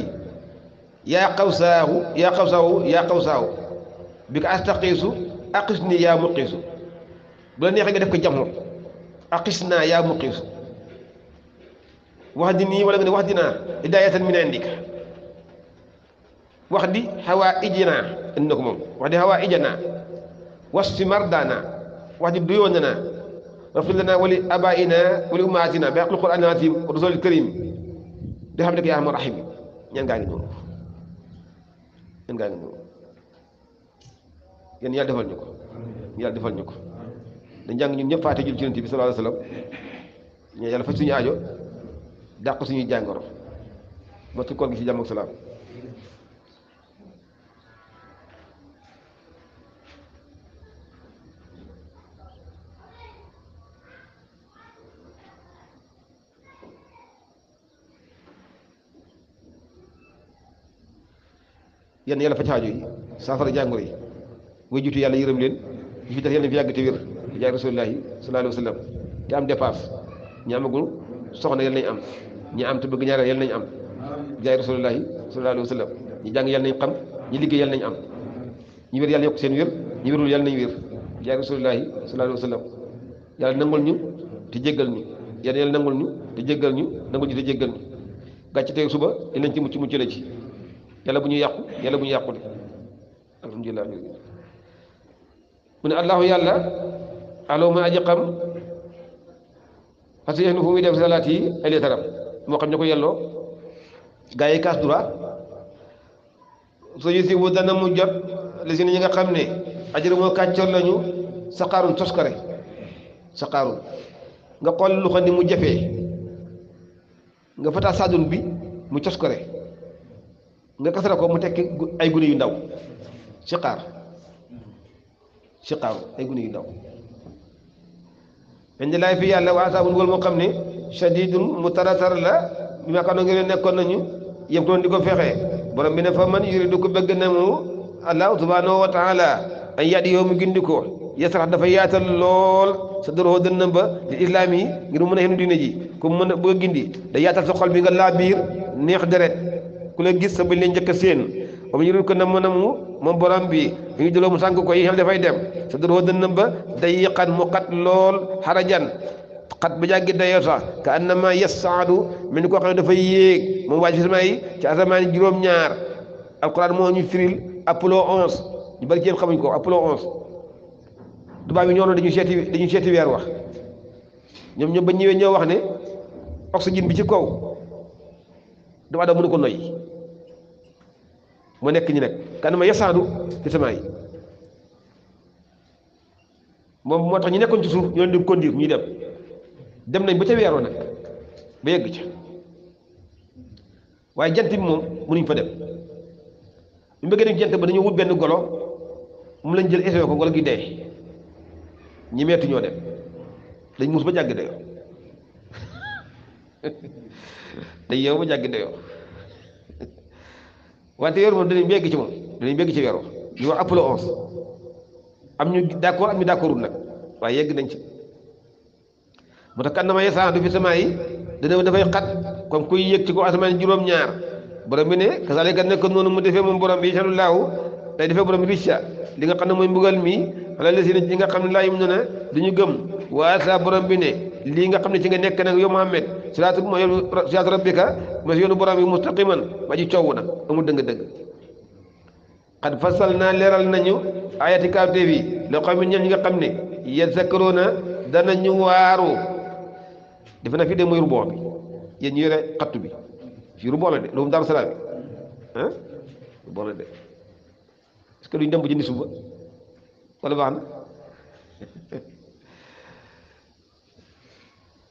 يا قوساه يا قوساه يا قوساه بك أستقيس أقسني يا مقيس بلا نيخ ديفك جامو أقسنا يا مقيس wax di nii wala nga ne wax dinaa hidaayatan min indik wax di xawaa ijinaa indi na moom wax di xawaa ijanaa wasfi wax di duyoonanaa rafet lanaa wali abaayinaa wali ummaatinaa bi xaqli quraan al-aziim wa rasuulil kariim di xam ne ko yaa arhamar rahiim ñaan gaa ngi noonu ñaan ngi noonu ñu ko yàlla defal ñu ko dañ jàng ñëpp faate jul ci yonent bi sallallahu alayhi wa sallam yàlla faj suñu aajo dàq suñuy jàngoro ba ci koor gi ci jàmm ak salaam yenn yàlla faj aajo yi saafara jàngoro yi way jutu yàlla yërëm leen ñu fi tax yàlla fi yàgg te wér jaay sallallahu alayhi am soxna am ñi am te bëgg ñaareel yal nañu am jaay rasulullahi sallallahu alayhi wa sallam ñi jàng yal nañu xam ñi liggéey yal nañu am ñi wér yàlla yokk seen wér ñi wérul yal nañu wér jaay rasulullahi sallallahu alayhi wa sallam yàlla nangul ñu te jéggal ñu yàlla yàlla nangul ñu te jéggal ñu nangul ñu te jéggal ñu gàcc tey suba dinañ ci mucc mucc la ci yàlla bu ñu yàqu yàlla bu ñu yàqu de alhamdulilah mu ne allahu yàlla aloo ma aji xam parce que yéen fu muy def salaat yi ay leetaram moo xam ne ko yelloo gaa yi kaas droit soo yësi wu dana mu jot li si ñi nga xam ne ajër moo kàccoor lañu saqaarun toskare saqaarun nga xool lu ni mu jafee nga fataa saadun bi mu cos toskare nga kasara ko mu tekki ay gune yu ndaw siqaar siqaaru ay gune yu ndaw dañ laay fi yàlla waa saabun wal moo xam ne shadidun mu tara tar la mekano ngir nekkoon nañu yëpp doon di ko fexe borom bi ne fa man yuridu ko bëgg na mu allahu subhanahu wa ay yaat yow mu gindi ko yasrax dafa yaatal lool sa doroo dënnam ba li islaam yi ngir mën a xenu diine ji ku mën a bëgg a gindi day yaatal sa xol bi nga laa biir neex deret ku la gis sa bañ leen njëkk a séen moom yuridu ko na mu moom borom bi ñu jëloo mu sànk ko yi xel dafay dem sa doroo dënnam ba day yëqan mu xat lool xat bu jàggi dayoo sax ka annama yasaadu mel ni koo xam ne dafay yéeg moom waaj fi sama yi ci asamaan juróom-ñaar alquran moo ñu firil apollo 11 ñu bari jéem xamuñ ko apollo 11 tubaab yi ñoo noonu dañu seeti weer wax ñoom ñoom ba ñëwee ñoo wax ne oxygène bi ci kaw dama daw mënu ko noyyi mu nekk ñu nekk ka annama yasaadu fi sama moom moo tax ñu nekkoon ci suuf ñoo leen di conduire ñuy dem. dem nañ ba ca weeru nag ba yegg ca waaye jant bi moom mënuñ fa dem ñu bëggee dem jant ba dañu wut benn golo mu lañ jël essayé ko golo gi dee ñi meetu ñoo dem dañ muus ba jàgg dayoo dañ yow ba jàgg dayoo wante weeru moom danañ yegg ci moom danañ yegg ci weeru ñu wax Apollo 11 am ñu d'accord am ñu d'accordul waaye yegg nañ ci moo tax kan na ma yasaan du fi samaa yi dana dafay xat comme kuy yëg ci ko asamaan juróom-ñaar borom bi ne kasaalika nekk noonu mu defee moom borom bi yashanu laahu day defee borom ricca li nga xam ne mooy mbugal mi ala la yi ñi nga xam ne laa yum na na du gëm waa sa borom bi ne lii nga xam ne ci nga nekk nag yow Muhammad siraatu mooy siraatu rabbika mooy yoonu borom bi mustaqiman ma ji coow na amul dëgg-dëgg xat fasal naa leeral nañu ayati kaawteef yi la xaw mi ñi nga xam ne yezakkaroona danañu waaru defe naa fii de mooy ruban bi yéen ñu yore xattu bi fii ruban la de loolu daaru salaam bi ah ruban la de est-ce que duñ dem ba jëndi suba wala baax na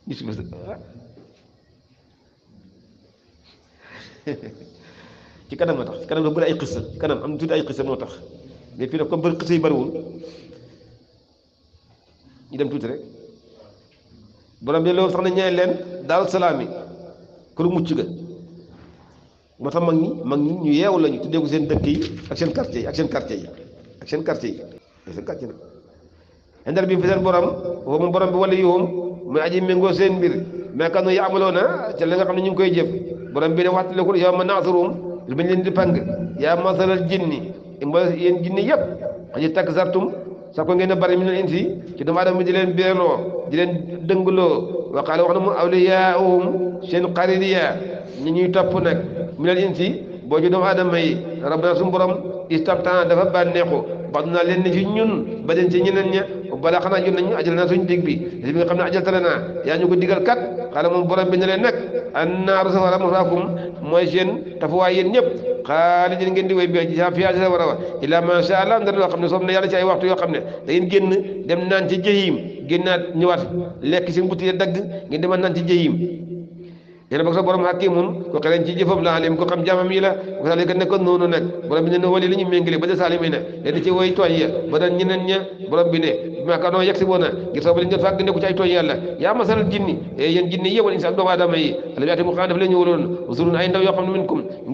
ñu suba sa ci kanam la tax ci kanam la bëri ay xisa kanam am tuuti ay xisa moo tax mais fii nag comme bëri xisa yi bëriwul ñu dem tuuti rek borom bi loolu sax na ñeel leen daal salaam yi kër mucc ga moo tax mag ñi mag ñi ñu yeewu lañu tuddee ko seen dëkk yi ak seen quartier yi ak seen quartier yi ak seen quartier yi ak seen quartier nag indar bi fi seen borom moom borom bi wala yoom muy aji méngoo seen mbir mais kanu yaamaloo na ca li nga xam ne ñu ngi koy jëf borom bi de waxtaliku yow ma naasurum lu bañ leen di pang yaa masalal jinni mboole yéen jinni yëpp aji takk sartum sax ko ngeen a bari mi ne insi ci doomu aadama di leen beeloo di leen dëngloo wa qaala wax na mu awliyaahum seen xarit ya ñi ñuy topp nag mi ne insi boo ci doomu aadama yi rabbana suñu borom istamtaan dafa bànneexu bax dunaa leen ni ci ñun ba den ci ñeneen ña bala xanaa jot nañu ajal naa suñu dig bi li nga xam ne ajal tale naa yaa ñu ko digal kat xaala moom borom bi ne leen nag annaaru sawara maswaakum mooy ñëpp xaali din ngeen di wéy bi sa fiyaa sa war a wa illaa maa sha Allah ndara loo xam ne soob na yàlla ci ay yoo xam ne da dem naan ci jëyim génnaat ñëwaat lekk seen sa borom hakimun ko xereñ ci jëfam la alim ko xam jaamam yi la wasalika ne ko noonu nag borom bi ne ne wali li ñu méngale ba da saalim yi ne leen ci woy ya ba daan ñeneen ña borom bi ne ma kaanoo yegsi boona ngir sababu leen ngeen fàgg nekku ci ay tooy yàlla yaa masalal jinni eh, yéen jinni yi wala insa ak doomu aadama yi ala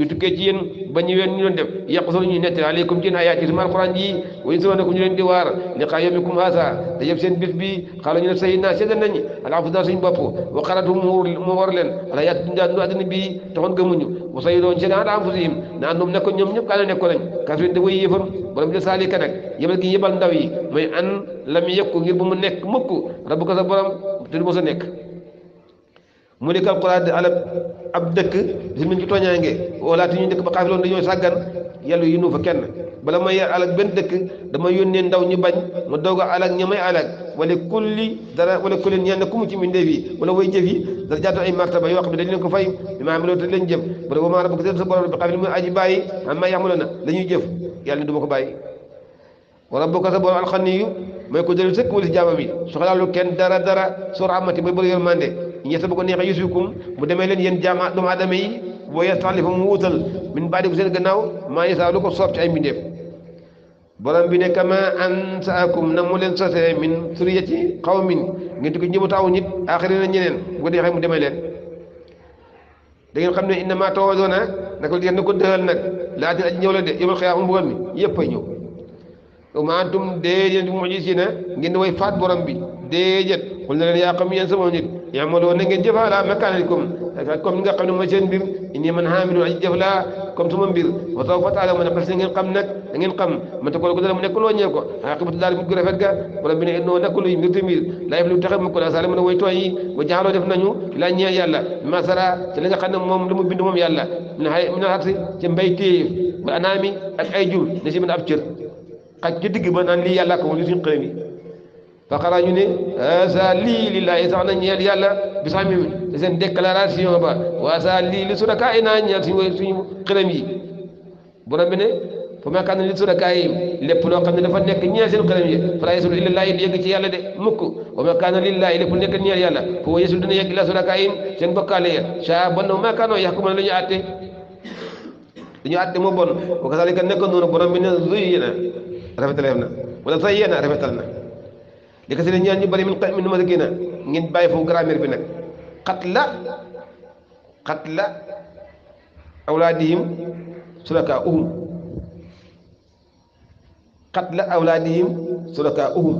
tukkee ci yéen ba ween ñu doon def yaqusoo ñuy nettali aleykum ci bi xaala ñu ne say naa seetal nañ alafuda suñu bopp na andoom nekkoon ñoom ñëpp kaa nekkoon da way yëfam borom de saalika nag yebal gi yebal ndaw yi mooy an lam yekku ngir bu mu nekk mukk rabu ko sa borom te du mos a nekk mu nekk alquran di alab ab dëkk bisim nañ ko tooñaange wala te ñu dëkk ba xaafiloon dañoo sàggan yàlla yu nu fa kenn bala may yar alak benn dëkk dama yónnee ndaw ñu bañ ma doog a alak ña may alak wala kulli dara wala kulli ñenn ku mu ci mbindeef yi wala way jëf yi dara jaatu ay martaba yoo xam ne dañ leen ko fay bi ma amee loolu te leen jëf bu dee ba ma rabbuka sa borom bi xaafiloon muy aji bàyyi am ma yaxmaluna la ñuy jëf yàlla ne du ma ko bàyyi wa rabbuka sa borom alxaniyu mooy ko jël sëkk wala si jaama bi soxlaalu kenn dara dara soo raxmati mooy bëri yërmande ñeesa bu ko neexee yusikum mu demee leen yéen jaama doomu aadama yi boo yastalifa mu wutal min baadi ko seen gannaaw maa yesaa lu ko soob ci ay mbindeef borom bi ne kama ansaakum na mu leen sosee min suriyati qawmin ngeen di ko ñëbatu aw nit aaxiri na ñeneen bu ko mu demee leen da ngeen xam ne inna maa tawaadoona naka na laa atin aji mi yëpp ay ñëw وما أنتم ديجن معجزين نجن وي فات برم بي ديجن قلنا لن يقم ينسوا نجد يعملون نجن جفا لا مكانكم كم نجا قمنا مجن بير إني من حامل عجي جفلا كم تمن بير وسوف تعلم من قلت نجن قم نك نجن قم ما تقول قدر من كل ونيا عاقبة ذلك قدر فرقة ولا بين إنه نكل يمير تمير لا يبلغ تخم كل أسالم من ويتوه وجعلوا دفنا نيو لا نيا يلا ما سرا تلقى قلنا مم لم بندم يلا من هاي من هاتي جنبيتي والأنامي أكأيجو نجي من أبشر xaj ci digg ba naan lii yàlla ko moom li suñu xërëm yi faqara ñu ne sa lii lillaahi sax na ñeel yàlla bi sax mi seen waa sa lii li surakaay naa ñeel suñu suñu xërëm yi borom bi ne fa ma kaan li surakaay yi lépp loo xam ne dafa nekk ñeel seen xërëm yi fala yesul lillaahi yegg ci yàlla de mukk wa ma kaan lillaahi lépp nekk ñeel yàlla fo wa yesul dina yegg ila surakaay yi seen bokkaale ya saa bon na ma kaanoo yaxkuma la ñu bon wa kasaalika nekk noonu borom bi ne zuyyina rafetaleef na wala sax yéen a rafetal na li ko si ne ñaan ñu bëri nu ma a génna ngeen bàyyi foofu grammaire bi nag xat la xat la awlaadihim surakaa uhum xat la awlaadihim surakaa uhum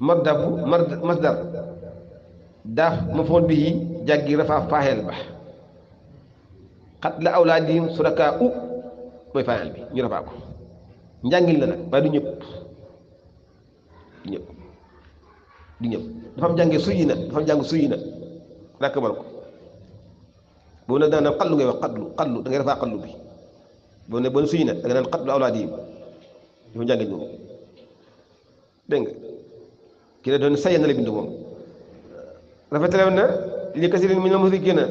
mardabu masdar daaf mafoon faaxeel ba xat la awlaadihim surakaa u mooy faayal bi ñu rafaa njàngil la nag waaye du ñëpp du ñëpp du ñëpp dafa am jànge suyi na dafa am jàng suyi na ràkkabal ko boobu nag danga naan xallu ngay wax xallu xallu da ngay rafaa xallu bi boobu nga naan xallu awlaadi yi dafa njàngil moom dégg nga ki la doon saye na la bind moom na li kasirin min al musrikiina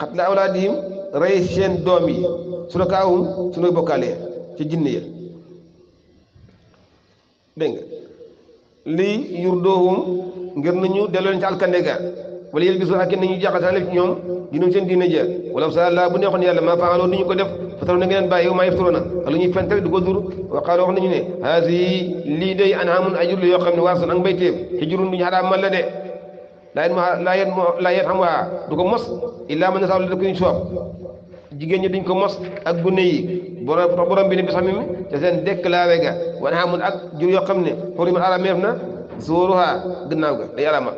xatla awlaadihim rey seen doom yi sunu kaawum sunu bokkaale ci jinne ya dégg nga lii yur doohum ngir nañu delloo leen ci alkande ga wala yël gisul ak nañu jaxasaale ci ñoom dinoom seen diine ja wala sa la bu neexoon yàlla maa faaloo du ñu ko def fataro na ngeen bàyyi maa yefturoona ak lu ñuy fente du ko dur waqaala wax nañu ne haasi lii day anaamun ajur la yoo xam ne waasan ak mbéyteef ci jurun duñu xaraam man la de laa yéen ma laa yéen laa yéen xam waa du ko mos illaa man na saabu la ko ñu soob jigéen ñi duñ ko mos ak gune yi borom borom bi ne bi samimi te seen déclaré ga yoo xam ne xurima na sóoruha gannaaw ga day arama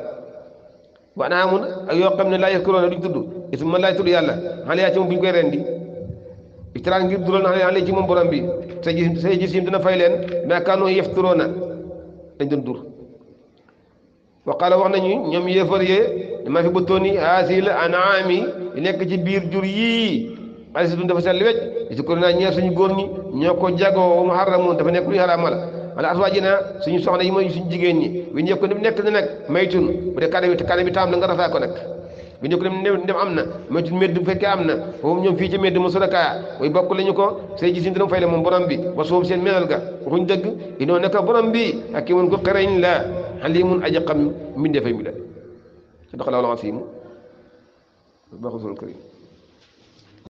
wane xamul ak yoo xam ne laa yëkkuroona duñ tudd isu man laay tudd yàlla xale yaa ci moom bu ñu koy rendi iftiraan ngir dural na xale ci moom borom bi say gis say gis yim fay leen mais kaanu yefturoona dañ doon dur wa qaala wax nañu ñoom yéefar yee dama fi butooni haasil anaami di nekk ci biir jur yii asitun dafa sell wecc si ko naa ñeer suñu góor ñi ñoo ko jagoo wa muharramun dafa nekk luy xaraamal ala aswaajina suñu soxna yi mooy suñu jigéen ñi wi nekk ni nekk na nag maytun bu dee kaana bi kaana na nga rafaa ko nag bi nekk dem dem am na maytun medd bu fekkee am na foofu ñoom fii ci medd mu sadaka way bokk lañu ko say gis ñu dina fay la moom borom bi ba seen melal ga bi ak ki mën ko حليم أجقم من دفع ملا دخل الله فيه بخصوص الكريم